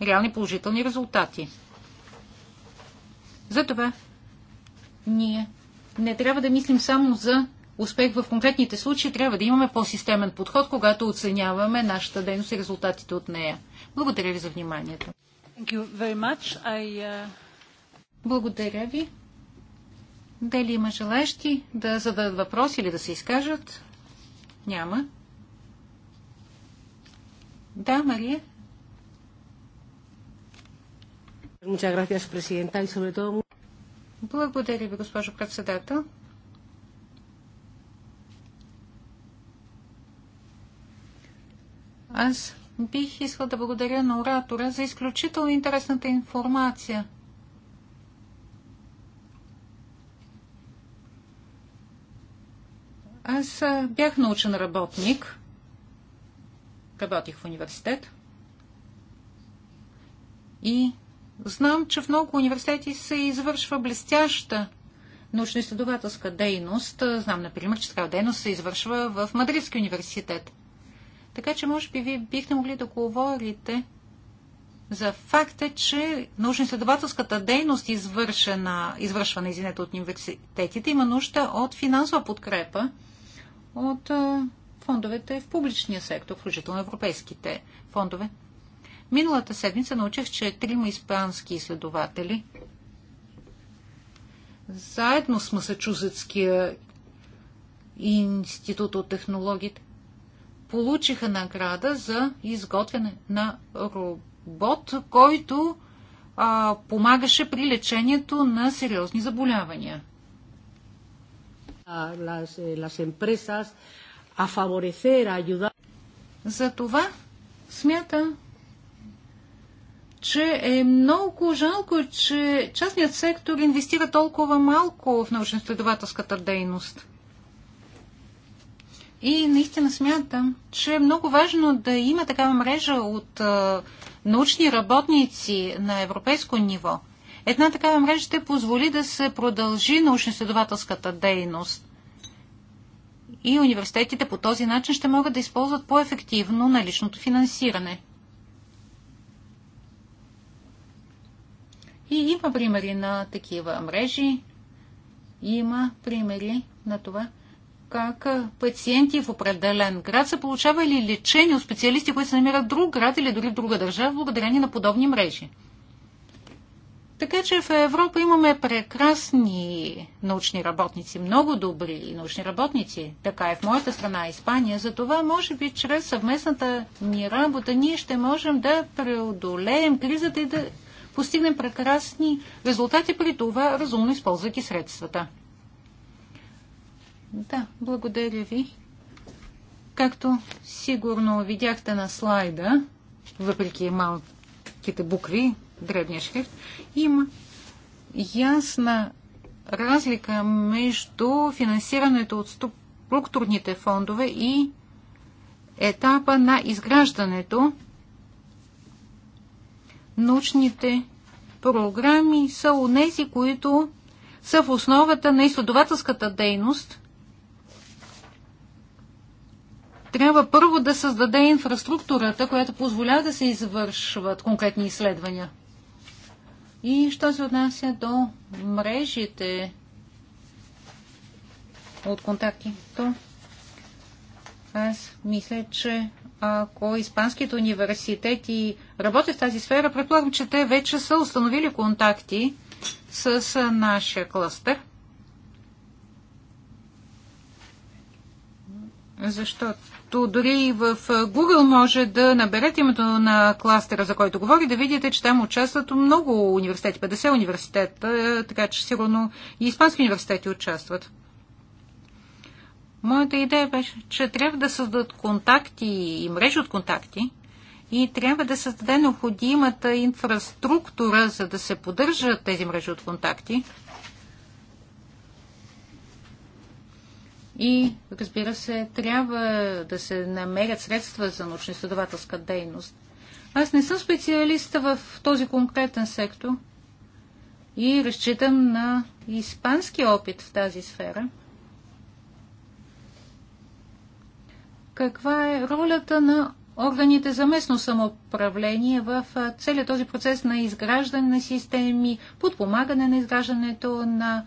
реални положителни резултати. Затова ние не трябва да мислим само за успех в конкретните случаи, трябва да имаме по-системен подход, когато оценяваме нашата дейност и резултатите от нея. Благодаря ви за вниманието. I... Uh, Благодаря ви. Дали има желащи да зададат въпрос или да се изкажат? Няма. Да, Мария. Благодаря ви, госпожо председател. Аз бих искал да благодаря на оратора за изключително интересната информация. Аз бях научен работник. Работих в университет. И Знам, че в много университети се извършва блестяща научно-изследователска дейност. Знам, например, че такава дейност се извършва в Мадридски университет. Така че, може би, вие бихте могли да говорите за факта, че научно-изследователската дейност, извършена, извършвана извинете, от университетите, има нужда от финансова подкрепа от фондовете в публичния сектор, включително европейските фондове. Миналата седмица научих, че трима испански изследователи заедно с Масачузетския институт от технологиите получиха награда за изготвяне на робот, който а, помагаше при лечението на сериозни заболявания. Eh, за това смятам, че е много жалко, че частният сектор инвестира толкова малко в научно-изследователската дейност. И наистина смятам, че е много важно да има такава мрежа от а, научни работници на европейско ниво. Една такава мрежа ще позволи да се продължи научно-изследователската дейност. И университетите по този начин ще могат да използват по-ефективно наличното финансиране. И има примери на такива мрежи. Има примери на това, как пациенти в определен град са получавали лечение от специалисти, които се намират в друг град или дори в друга държава, благодарение на подобни мрежи. Така че в Европа имаме прекрасни научни работници, много добри научни работници. Така е в моята страна, Испания. За това може би, чрез съвместната ни работа, ние ще можем да преодолеем кризата и да постигнем прекрасни резултати при това, разумно използвайки средствата. Да, благодаря ви. Както сигурно видяхте на слайда, въпреки малките букви, древния шрифт, има ясна разлика между финансирането от структурните фондове и етапа на изграждането научните програми са унези, които са в основата на изследователската дейност. Трябва първо да създаде инфраструктурата, която позволява да се извършват конкретни изследвания. И що се отнася до мрежите от контакти, то аз мисля, че ако испанските университети работят в тази сфера, предполагам, че те вече са установили контакти с нашия кластър. Защото дори и в Google може да наберете името на кластера, за който говори, да видите, че там участват много университети, 50 университета, е, така че сигурно и испански университети участват. Моята идея беше, че трябва да създадат контакти и мрежи от контакти и трябва да създаде необходимата инфраструктура, за да се поддържат тези мрежи от контакти. И, разбира се, трябва да се намерят средства за научно-изследователска дейност. Аз не съм специалиста в този конкретен сектор и разчитам на испански опит в тази сфера – каква е ролята на органите за местно самоуправление в целият този процес на изграждане на системи, подпомагане на изграждането на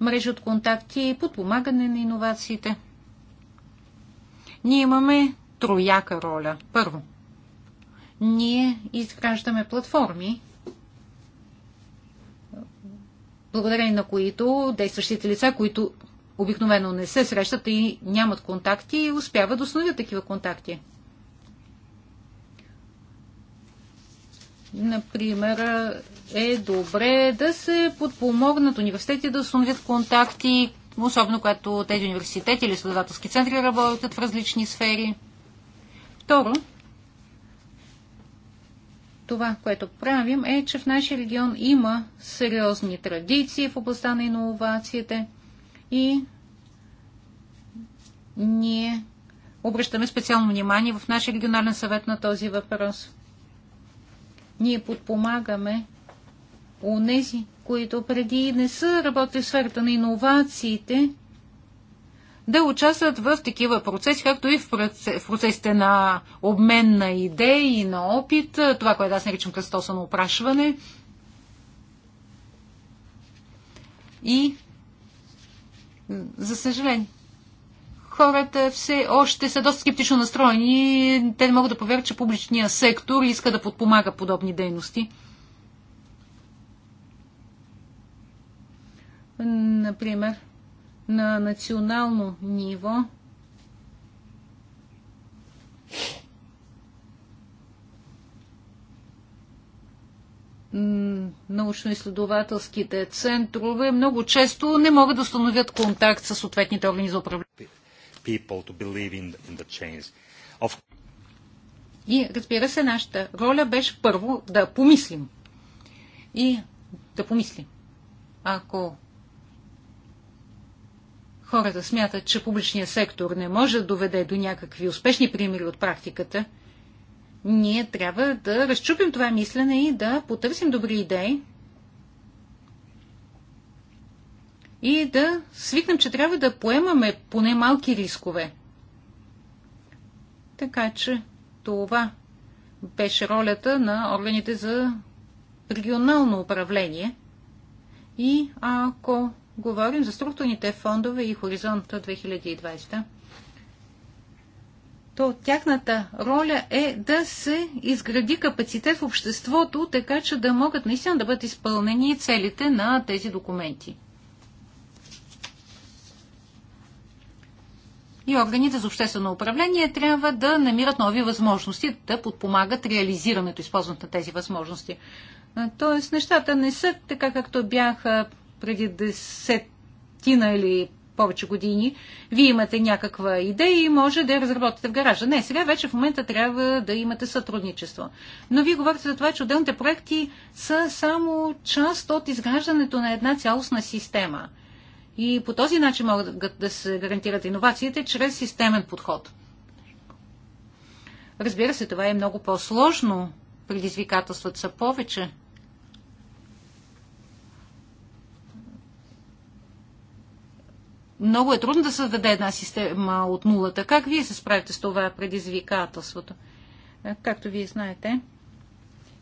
мрежи от контакти и подпомагане на иновациите. Ние имаме трояка роля. Първо, ние изграждаме платформи, благодарение на които действащите лица, които обикновено не се срещат и нямат контакти и успяват да установят такива контакти. Например, е добре да се подпомогнат университети да установят контакти, особено когато тези университети или следователски центри работят в различни сфери. Второ, това, което правим, е, че в нашия регион има сериозни традиции в областта на иновациите – и ние обръщаме специално внимание в нашия регионален съвет на този въпрос. Ние подпомагаме унези, които преди не са работили в сферата на иновациите, да участват в такива процеси, както и в процесите на обмен на идеи и на опит, това, което аз наричам кръстосано опрашване. И за съжаление, хората все още са доста скептично настроени. Те не могат да повярват, че публичният сектор иска да подпомага подобни дейности. Например, на национално ниво научно-изследователските центрове много често не могат да установят контакт с съответните органи за управление. И разбира се, нашата роля беше първо да помислим. И да помислим. Ако хората смятат, че публичният сектор не може да доведе до някакви успешни примери от практиката – ние трябва да разчупим това мислене и да потърсим добри идеи и да свикнем, че трябва да поемаме поне малки рискове. Така че това беше ролята на органите за регионално управление. И ако говорим за структурните фондове и хоризонта 2020, то тяхната роля е да се изгради капацитет в обществото, така че да могат наистина да бъдат изпълнени целите на тези документи. И органите за обществено управление трябва да намират нови възможности, да подпомагат реализирането, използването на тези възможности. Тоест, нещата не са така, както бяха преди десетина или повече години, вие имате някаква идея и може да я разработите в гаража. Не, сега вече в момента трябва да имате сътрудничество. Но вие говорите за това, че отделните проекти са само част от изграждането на една цялостна система. И по този начин могат да се гарантират иновациите чрез системен подход. Разбира се, това е много по-сложно. Предизвикателствата са повече. много е трудно да създаде една система от нулата. Как вие се справите с това предизвикателството? Както вие знаете,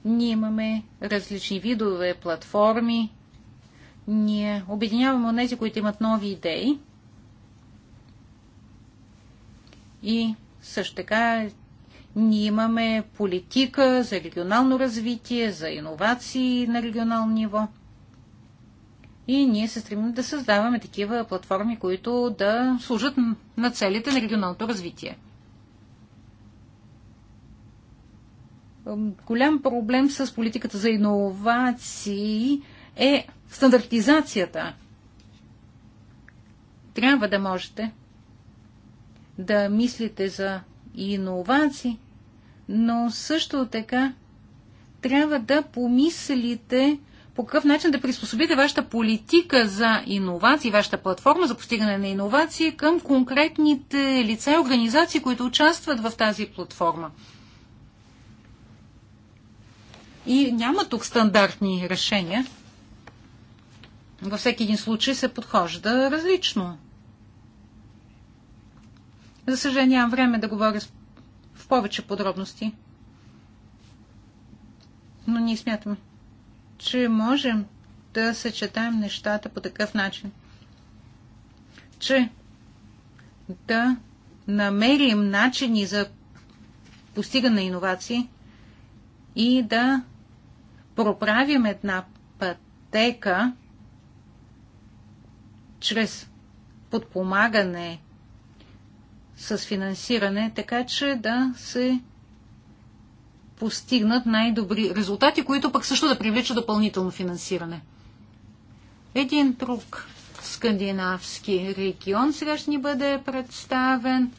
ние имаме различни видове платформи, ние обединяваме от тези, които имат нови идеи и също така ние имаме политика за регионално развитие, за иновации на регионално ниво – и ние се стремим да създаваме такива платформи, които да служат на целите на регионалното развитие. Голям проблем с политиката за иновации е стандартизацията. Трябва да можете да мислите за иновации, но също така трябва да помислите по какъв начин да приспособите вашата политика за иновации, вашата платформа за постигане на иновации към конкретните лица и организации, които участват в тази платформа. И няма тук стандартни решения. Във всеки един случай се подхожда различно. За съжаление, нямам време да говоря в повече подробности. Но ние смятаме, че можем да съчетаем нещата по такъв начин, че да намерим начини за постигане на иновации и да проправим една пътека чрез подпомагане с финансиране, така че да се постигнат най-добри резултати, които пък също да привличат допълнително финансиране. Един друг скандинавски регион сега ще ни бъде представен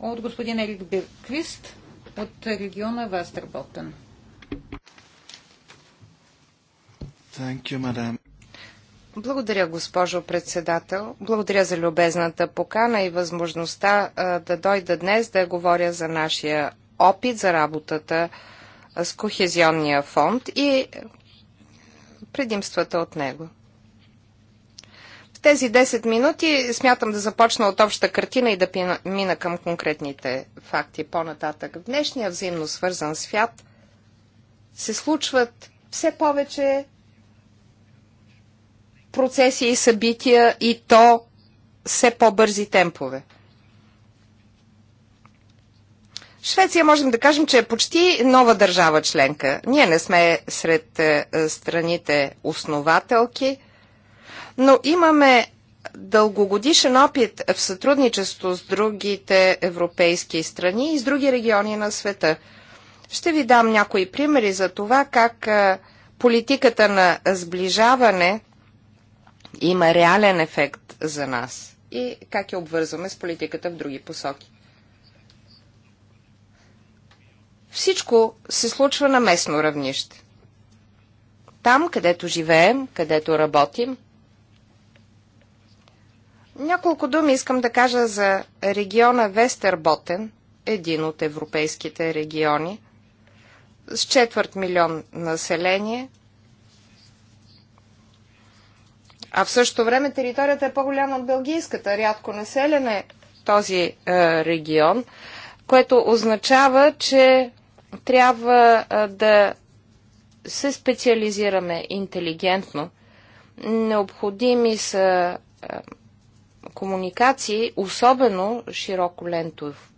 от господин Ерик Бирквист от региона Вастерболтън. Благодаря, госпожо председател. Благодаря за любезната покана и възможността а, да дойда днес да говоря за нашия опит за работата с Кохезионния фонд и предимствата от него. В тези 10 минути смятам да започна от обща картина и да мина към конкретните факти по-нататък. В днешния взаимно свързан свят се случват все повече процеси и събития и то все по-бързи темпове – Швеция можем да кажем, че е почти нова държава членка. Ние не сме сред е, страните основателки, но имаме дългогодишен опит в сътрудничество с другите европейски страни и с други региони на света. Ще ви дам някои примери за това как е, политиката на сближаване има реален ефект за нас и как я обвързваме с политиката в други посоки. Всичко се случва на местно равнище. Там, където живеем, където работим. Няколко думи искам да кажа за региона Вестерботен, един от европейските региони, с четвърт милион население, а в същото време територията е по-голяма от бългийската, рядко населене е този е, регион, което означава, че трябва да се специализираме интелигентно. Необходими са комуникации, особено широко лентов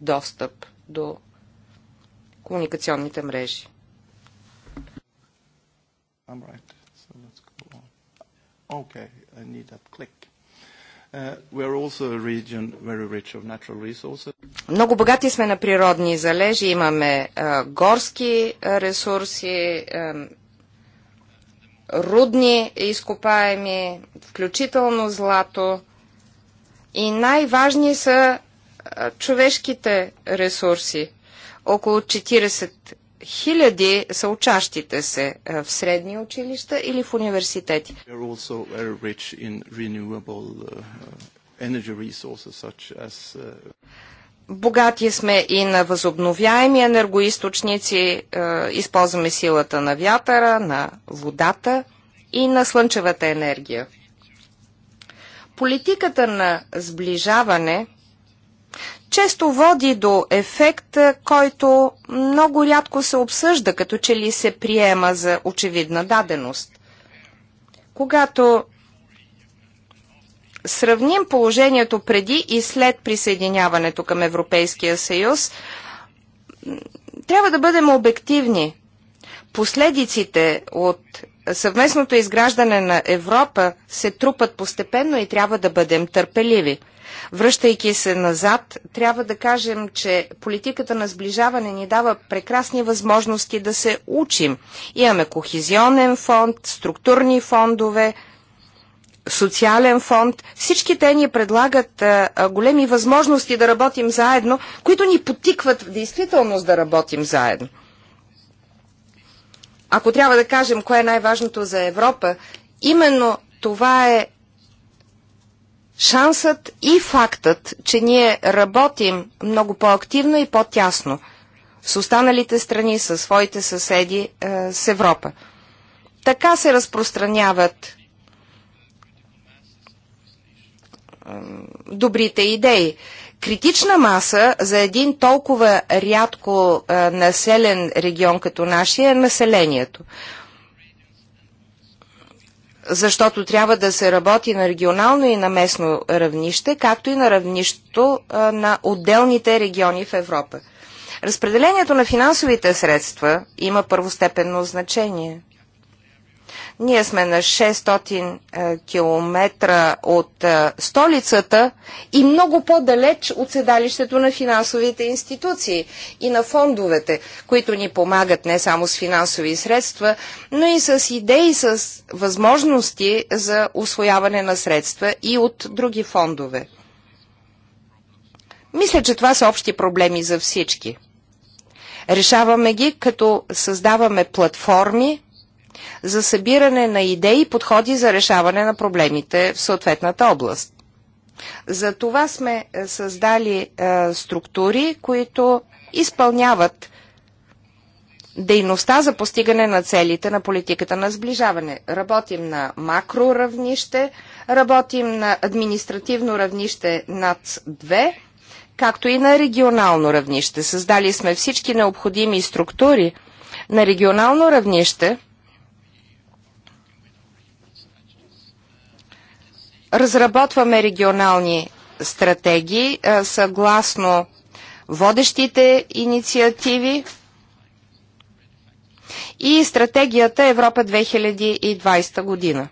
достъп до комуникационните мрежи. I'm right. So let's go on. Okay, I need that click. Uh, Много богати сме на природни залежи, имаме е, горски е, ресурси, е, рудни изкопаеми, включително злато. И най-важни са човешките ресурси. Около 40 Хиляди са учащите се е, в средни училища или в университети. Uh, uh, Богати сме и на възобновяеми енергоисточници, е, използваме силата на вятъра, на водата и на слънчевата енергия. Политиката на сближаване – често води до ефект, който много рядко се обсъжда, като че ли се приема за очевидна даденост. Когато сравним положението преди и след присъединяването към Европейския съюз, трябва да бъдем обективни. Последиците от съвместното изграждане на Европа се трупат постепенно и трябва да бъдем търпеливи – Връщайки се назад, трябва да кажем, че политиката на сближаване ни дава прекрасни възможности да се учим. Имаме кохезионен фонд, структурни фондове, социален фонд. Всички те ни предлагат големи възможности да работим заедно, които ни потикват в действителност да работим заедно. Ако трябва да кажем кое е най-важното за Европа, именно това е шансът и фактът, че ние работим много по-активно и по-тясно с останалите страни, със своите съседи, е, с Европа. Така се разпространяват е, добрите идеи. Критична маса за един толкова рядко е, населен регион като нашия е населението защото трябва да се работи на регионално и на местно равнище, както и на равнището на отделните региони в Европа. Разпределението на финансовите средства има първостепенно значение. Ние сме на 600 е, км от е, столицата и много по-далеч от седалището на финансовите институции и на фондовете, които ни помагат не само с финансови средства, но и с идеи, с възможности за освояване на средства и от други фондове. Мисля, че това са общи проблеми за всички. Решаваме ги, като създаваме платформи, за събиране на идеи и подходи за решаване на проблемите в съответната област. За това сме е, създали е, структури, които изпълняват дейността за постигане на целите на политиката на сближаване. Работим на макро равнище, работим на административно равнище над 2, както и на регионално равнище. Създали сме всички необходими структури на регионално равнище – разработваме регионални стратегии съгласно водещите инициативи и стратегията Европа 2020 година.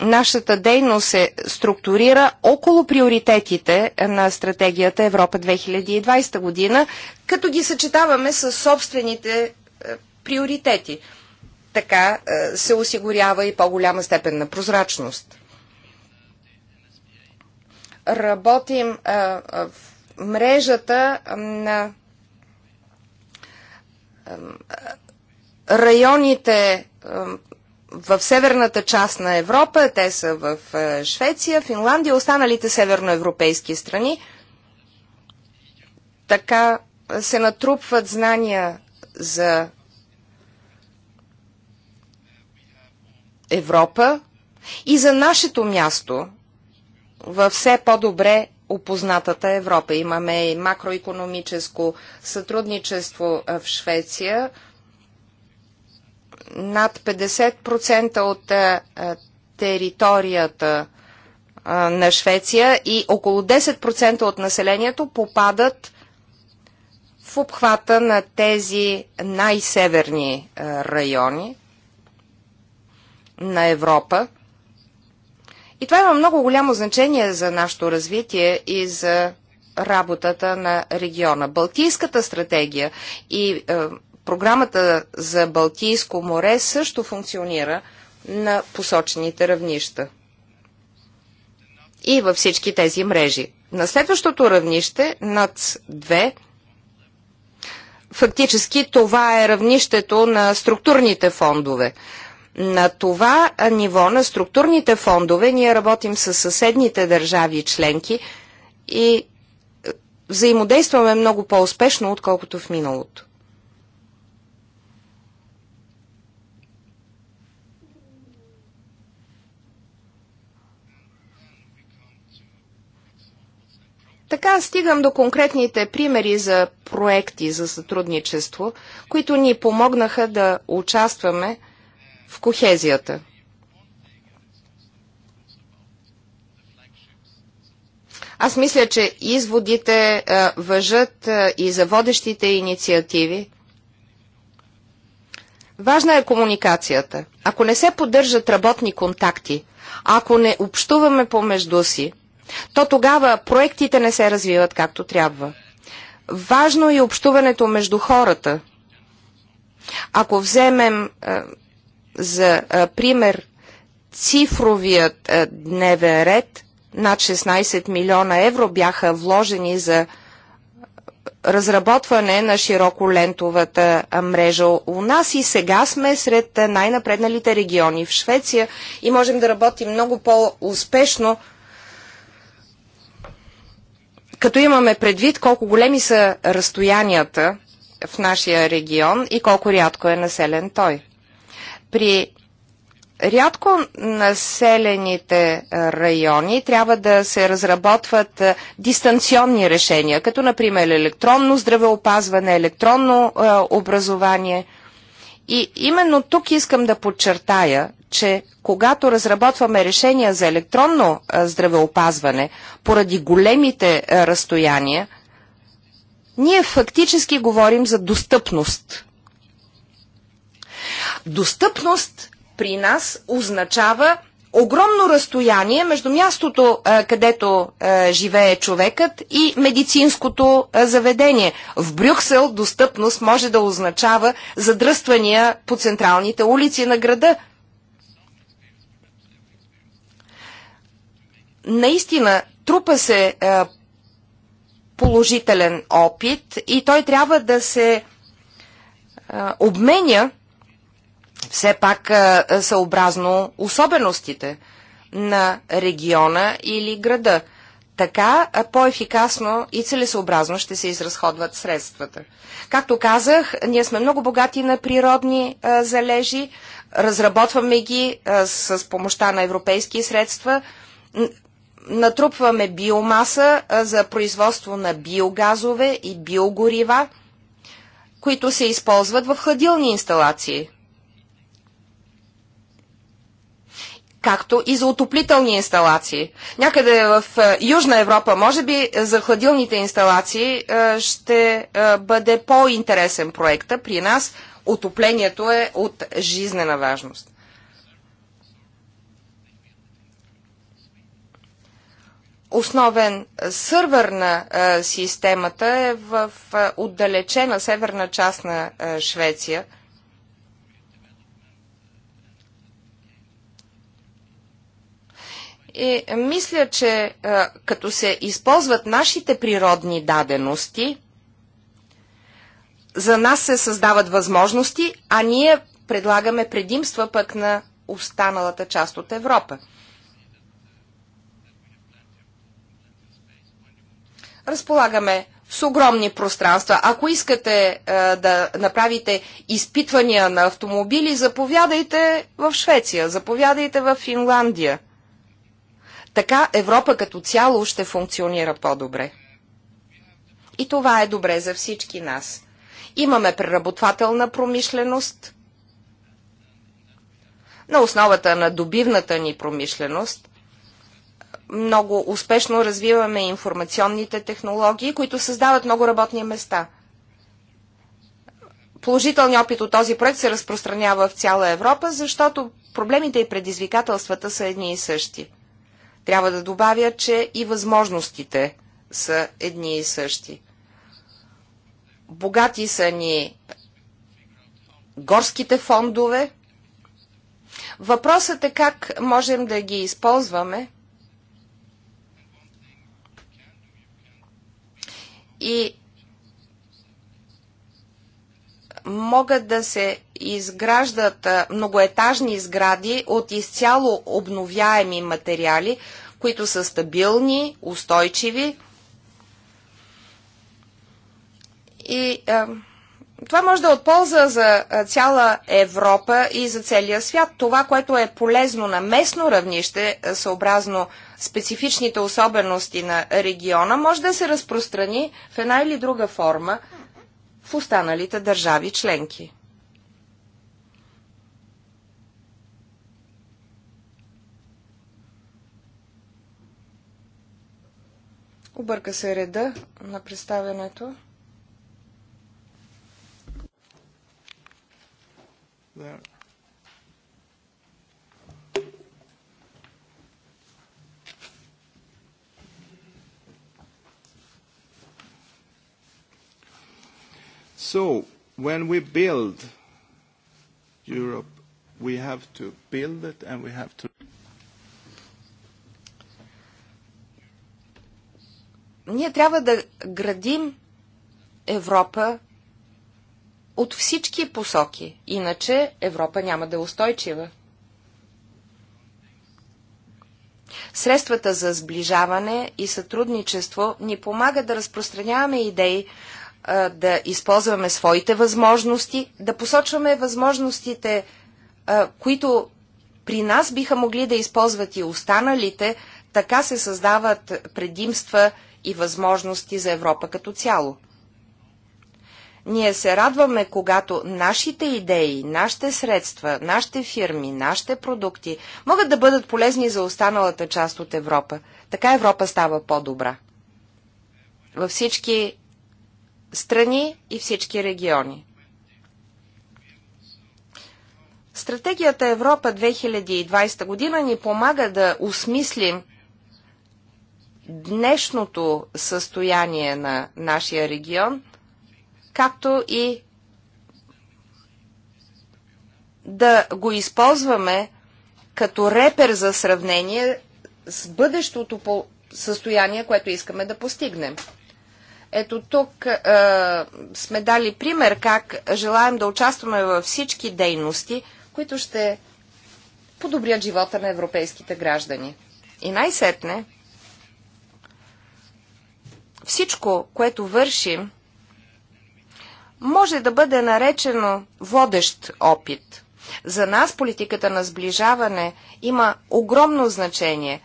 Нашата дейност се структурира около приоритетите на стратегията Европа 2020 година, като ги съчетаваме с собствените е, приоритети. Така е, се осигурява и по-голяма степен на прозрачност. Работим е, е, в мрежата на районите в северната част на Европа, те са в Швеция, Финландия, останалите северноевропейски страни. Така се натрупват знания за Европа и за нашето място във все по-добре опознатата Европа. Имаме и макроекономическо сътрудничество в Швеция. Над 50% от територията на Швеция и около 10% от населението попадат в обхвата на тези най-северни райони на Европа. И това има много голямо значение за нашето развитие и за работата на региона. Балтийската стратегия и е, програмата за Балтийско море също функционира на посочените равнища. И във всички тези мрежи. На следващото равнище, над 2, фактически това е равнището на структурните фондове – на това ниво на структурните фондове ние работим с съседните държави членки и е, взаимодействаме много по-успешно, отколкото в миналото. Така стигам до конкретните примери за проекти за сътрудничество, които ни помогнаха да участваме в кохезията. Аз мисля, че изводите е, въжат е, и за водещите инициативи. Важна е комуникацията. Ако не се поддържат работни контакти, ако не общуваме помежду си, то тогава проектите не се развиват както трябва. Важно е общуването между хората. Ако вземем е, за пример цифровият дневен ред. Над 16 милиона евро бяха вложени за разработване на широколентовата мрежа у нас и сега сме сред най-напредналите региони в Швеция и можем да работим много по-успешно, като имаме предвид колко големи са разстоянията в нашия регион и колко рядко е населен той. При рядко населените райони трябва да се разработват дистанционни решения, като например електронно здравеопазване, електронно образование. И именно тук искам да подчертая, че когато разработваме решения за електронно здравеопазване, поради големите разстояния, ние фактически говорим за достъпност Достъпност при нас означава огромно разстояние между мястото, където живее човекът и медицинското заведение. В Брюксел достъпност може да означава задръствания по централните улици на града. Наистина, трупа се положителен опит и той трябва да се обменя все пак съобразно особеностите на региона или града. Така по-ефикасно и целесообразно ще се изразходват средствата. Както казах, ние сме много богати на природни а, залежи, разработваме ги а, с помощта на европейски средства, натрупваме биомаса а, за производство на биогазове и биогорива, които се използват в хладилни инсталации. както и за отоплителни инсталации. Някъде в е, Южна Европа, може би, е, за хладилните инсталации е, ще бъде по-интересен проекта. При нас отоплението е от жизнена важност. Основен сървър на системата е в отдалечена северна част на Швеция – И мисля, че като се използват нашите природни дадености, за нас се създават възможности, а ние предлагаме предимства пък на останалата част от Европа. Разполагаме с огромни пространства. Ако искате а, да направите изпитвания на автомобили, заповядайте в Швеция, заповядайте в Финландия – така Европа като цяло ще функционира по-добре. И това е добре за всички нас. Имаме преработвателна промишленост на основата на добивната ни промишленост. Много успешно развиваме информационните технологии, които създават много работни места. Положителният опит от този проект се разпространява в цяла Европа, защото проблемите и предизвикателствата са едни и същи – трябва да добавя, че и възможностите са едни и същи. Богати са ни горските фондове. Въпросът е как можем да ги използваме и могат да се изграждат многоетажни сгради от изцяло обновяеми материали, които са стабилни, устойчиви и а, това може да е от полза за цяла Европа и за целия свят. Това, което е полезно на местно равнище, съобразно специфичните особености на региона, може да се разпространи в една или друга форма в останалите държави членки. Обърка се реда на представянето. There. So when we build Europe, we have to build it and we have to Ние трябва да градим Европа от всички посоки, иначе Европа няма да е устойчива. Средствата за сближаване и сътрудничество ни помагат да разпространяваме идеи, да използваме своите възможности, да посочваме възможностите, които при нас биха могли да използват и останалите, така се създават предимства и възможности за Европа като цяло. Ние се радваме, когато нашите идеи, нашите средства, нашите фирми, нашите продукти могат да бъдат полезни за останалата част от Европа. Така Европа става по-добра. Във всички страни и всички региони. Стратегията Европа 2020 година ни помага да осмислим днешното състояние на нашия регион, както и да го използваме като репер за сравнение с бъдещото състояние, което искаме да постигнем. Ето тук е, сме дали пример как желаем да участваме във всички дейности, които ще подобрят живота на европейските граждани. И най-сетне, всичко, което вършим, може да бъде наречено водещ опит. За нас политиката на сближаване има огромно значение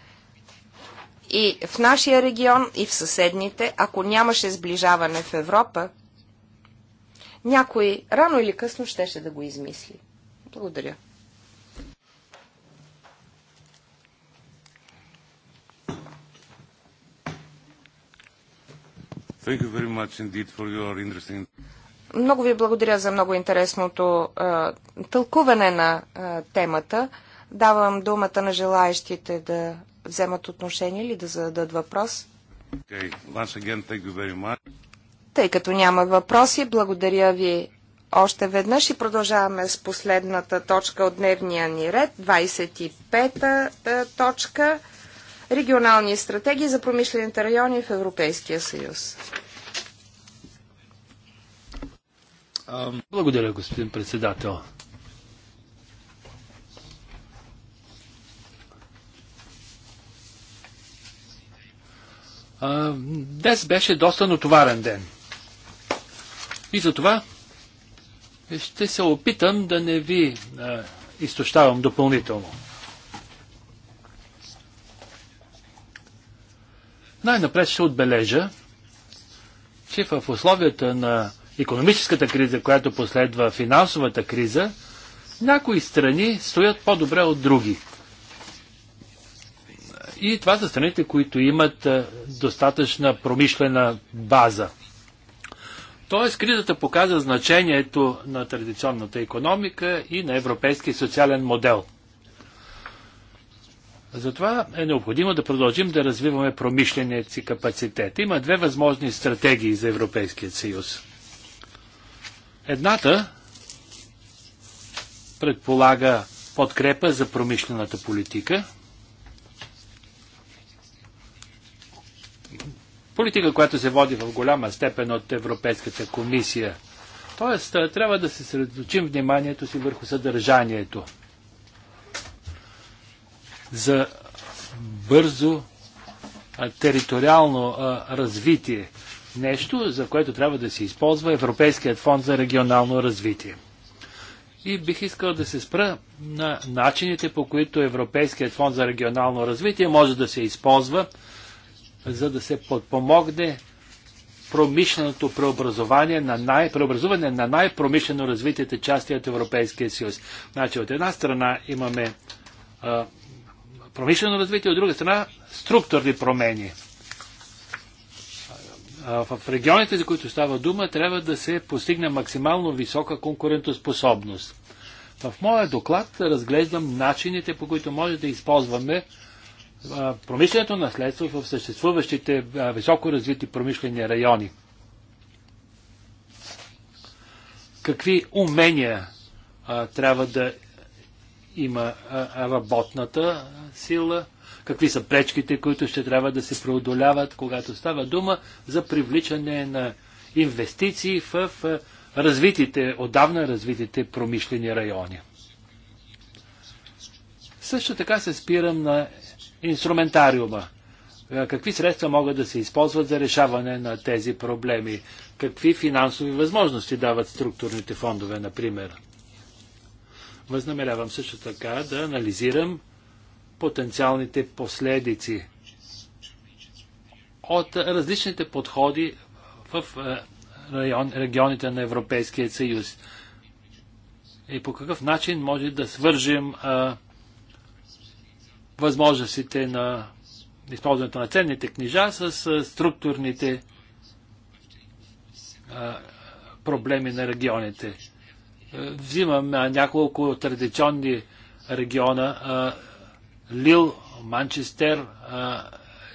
и в нашия регион, и в съседните, ако нямаше сближаване в Европа, някой рано или късно щеше да го измисли. Благодаря. Thank you very much indeed for your interesting... Много ви благодаря за много интересното а, тълкуване на а, темата. Давам думата на желаящите да вземат отношение или да зададат въпрос. Okay. Once again, thank you very much. Тъй като няма въпроси, благодаря ви още веднъж и продължаваме с последната точка от дневния ни ред, 25-та точка регионални стратегии за промишлените райони в Европейския съюз. Благодаря, господин председател. Днес беше доста натоварен ден. И за това ще се опитам да не ви изтощавам допълнително. Най-напред ще отбележа, че в условията на економическата криза, която последва финансовата криза, някои страни стоят по-добре от други. И това са страните, които имат достатъчна промишлена база. Тоест, кризата показа значението на традиционната економика и на европейския социален модел – затова е необходимо да продължим да развиваме промишления си капацитет. Има две възможни стратегии за Европейския съюз. Едната предполага подкрепа за промишлената политика. Политика, която се води в голяма степен от Европейската комисия. Тоест, трябва да се средоточим вниманието си върху съдържанието – за бързо териториално развитие. Нещо, за което трябва да се използва Европейският фонд за регионално развитие. И бих искал да се спра на начините, по които Европейският фонд за регионално развитие може да се използва, за да се подпомогне промишленото преобразование на най, преобразуване на най-промишлено развитите части от Европейския съюз. Значи, от една страна имаме промишлено развитие, от друга страна структурни промени. В регионите, за които става дума, трябва да се постигне максимално висока конкурентоспособност. В моя доклад разглеждам начините, по които може да използваме промишленото наследство в съществуващите високо развити промишлени райони. Какви умения трябва да има работната сила, какви са пречките, които ще трябва да се преодоляват, когато става дума за привличане на инвестиции в развитите, отдавна развитите промишлени райони. Също така се спирам на инструментариума. Какви средства могат да се използват за решаване на тези проблеми? Какви финансови възможности дават структурните фондове, например? Възнамерявам също така да анализирам потенциалните последици от различните подходи в е, район, регионите на Европейския съюз. И по какъв начин може да свържим а, е, възможностите на използването на ценните книжа с а, е, структурните а, проблеми на регионите. Взимам няколко традиционни региона Лил, Манчестер,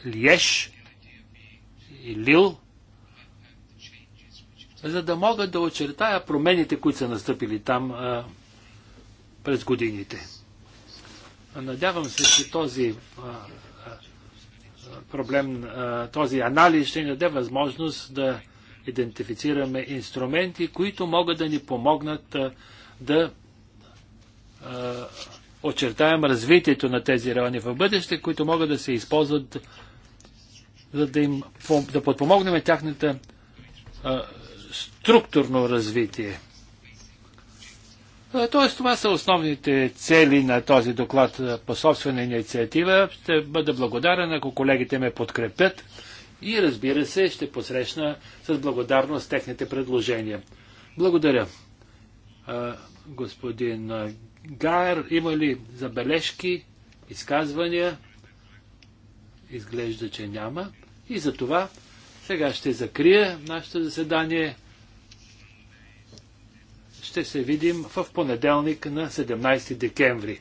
Лиеш и Лил, за да могат да очертая промените, които са настъпили там а, през годините. Надявам се, че този а, проблем, а, този анализ ще ни даде възможност да идентифицираме инструменти, които могат да ни помогнат да очертаем развитието на тези райони в бъдеще, които могат да се използват за да, им, да подпомогнем тяхната структурно развитие. Тоест, това са основните цели на този доклад по собствена инициатива. Ще бъда благодарен, ако колегите ме подкрепят и разбира се ще посрещна с благодарност техните предложения. Благодаря. Господин Гайер, има ли забележки, изказвания? Изглежда, че няма. И за това сега ще закрия нашето заседание. Ще се видим в понеделник на 17 декември.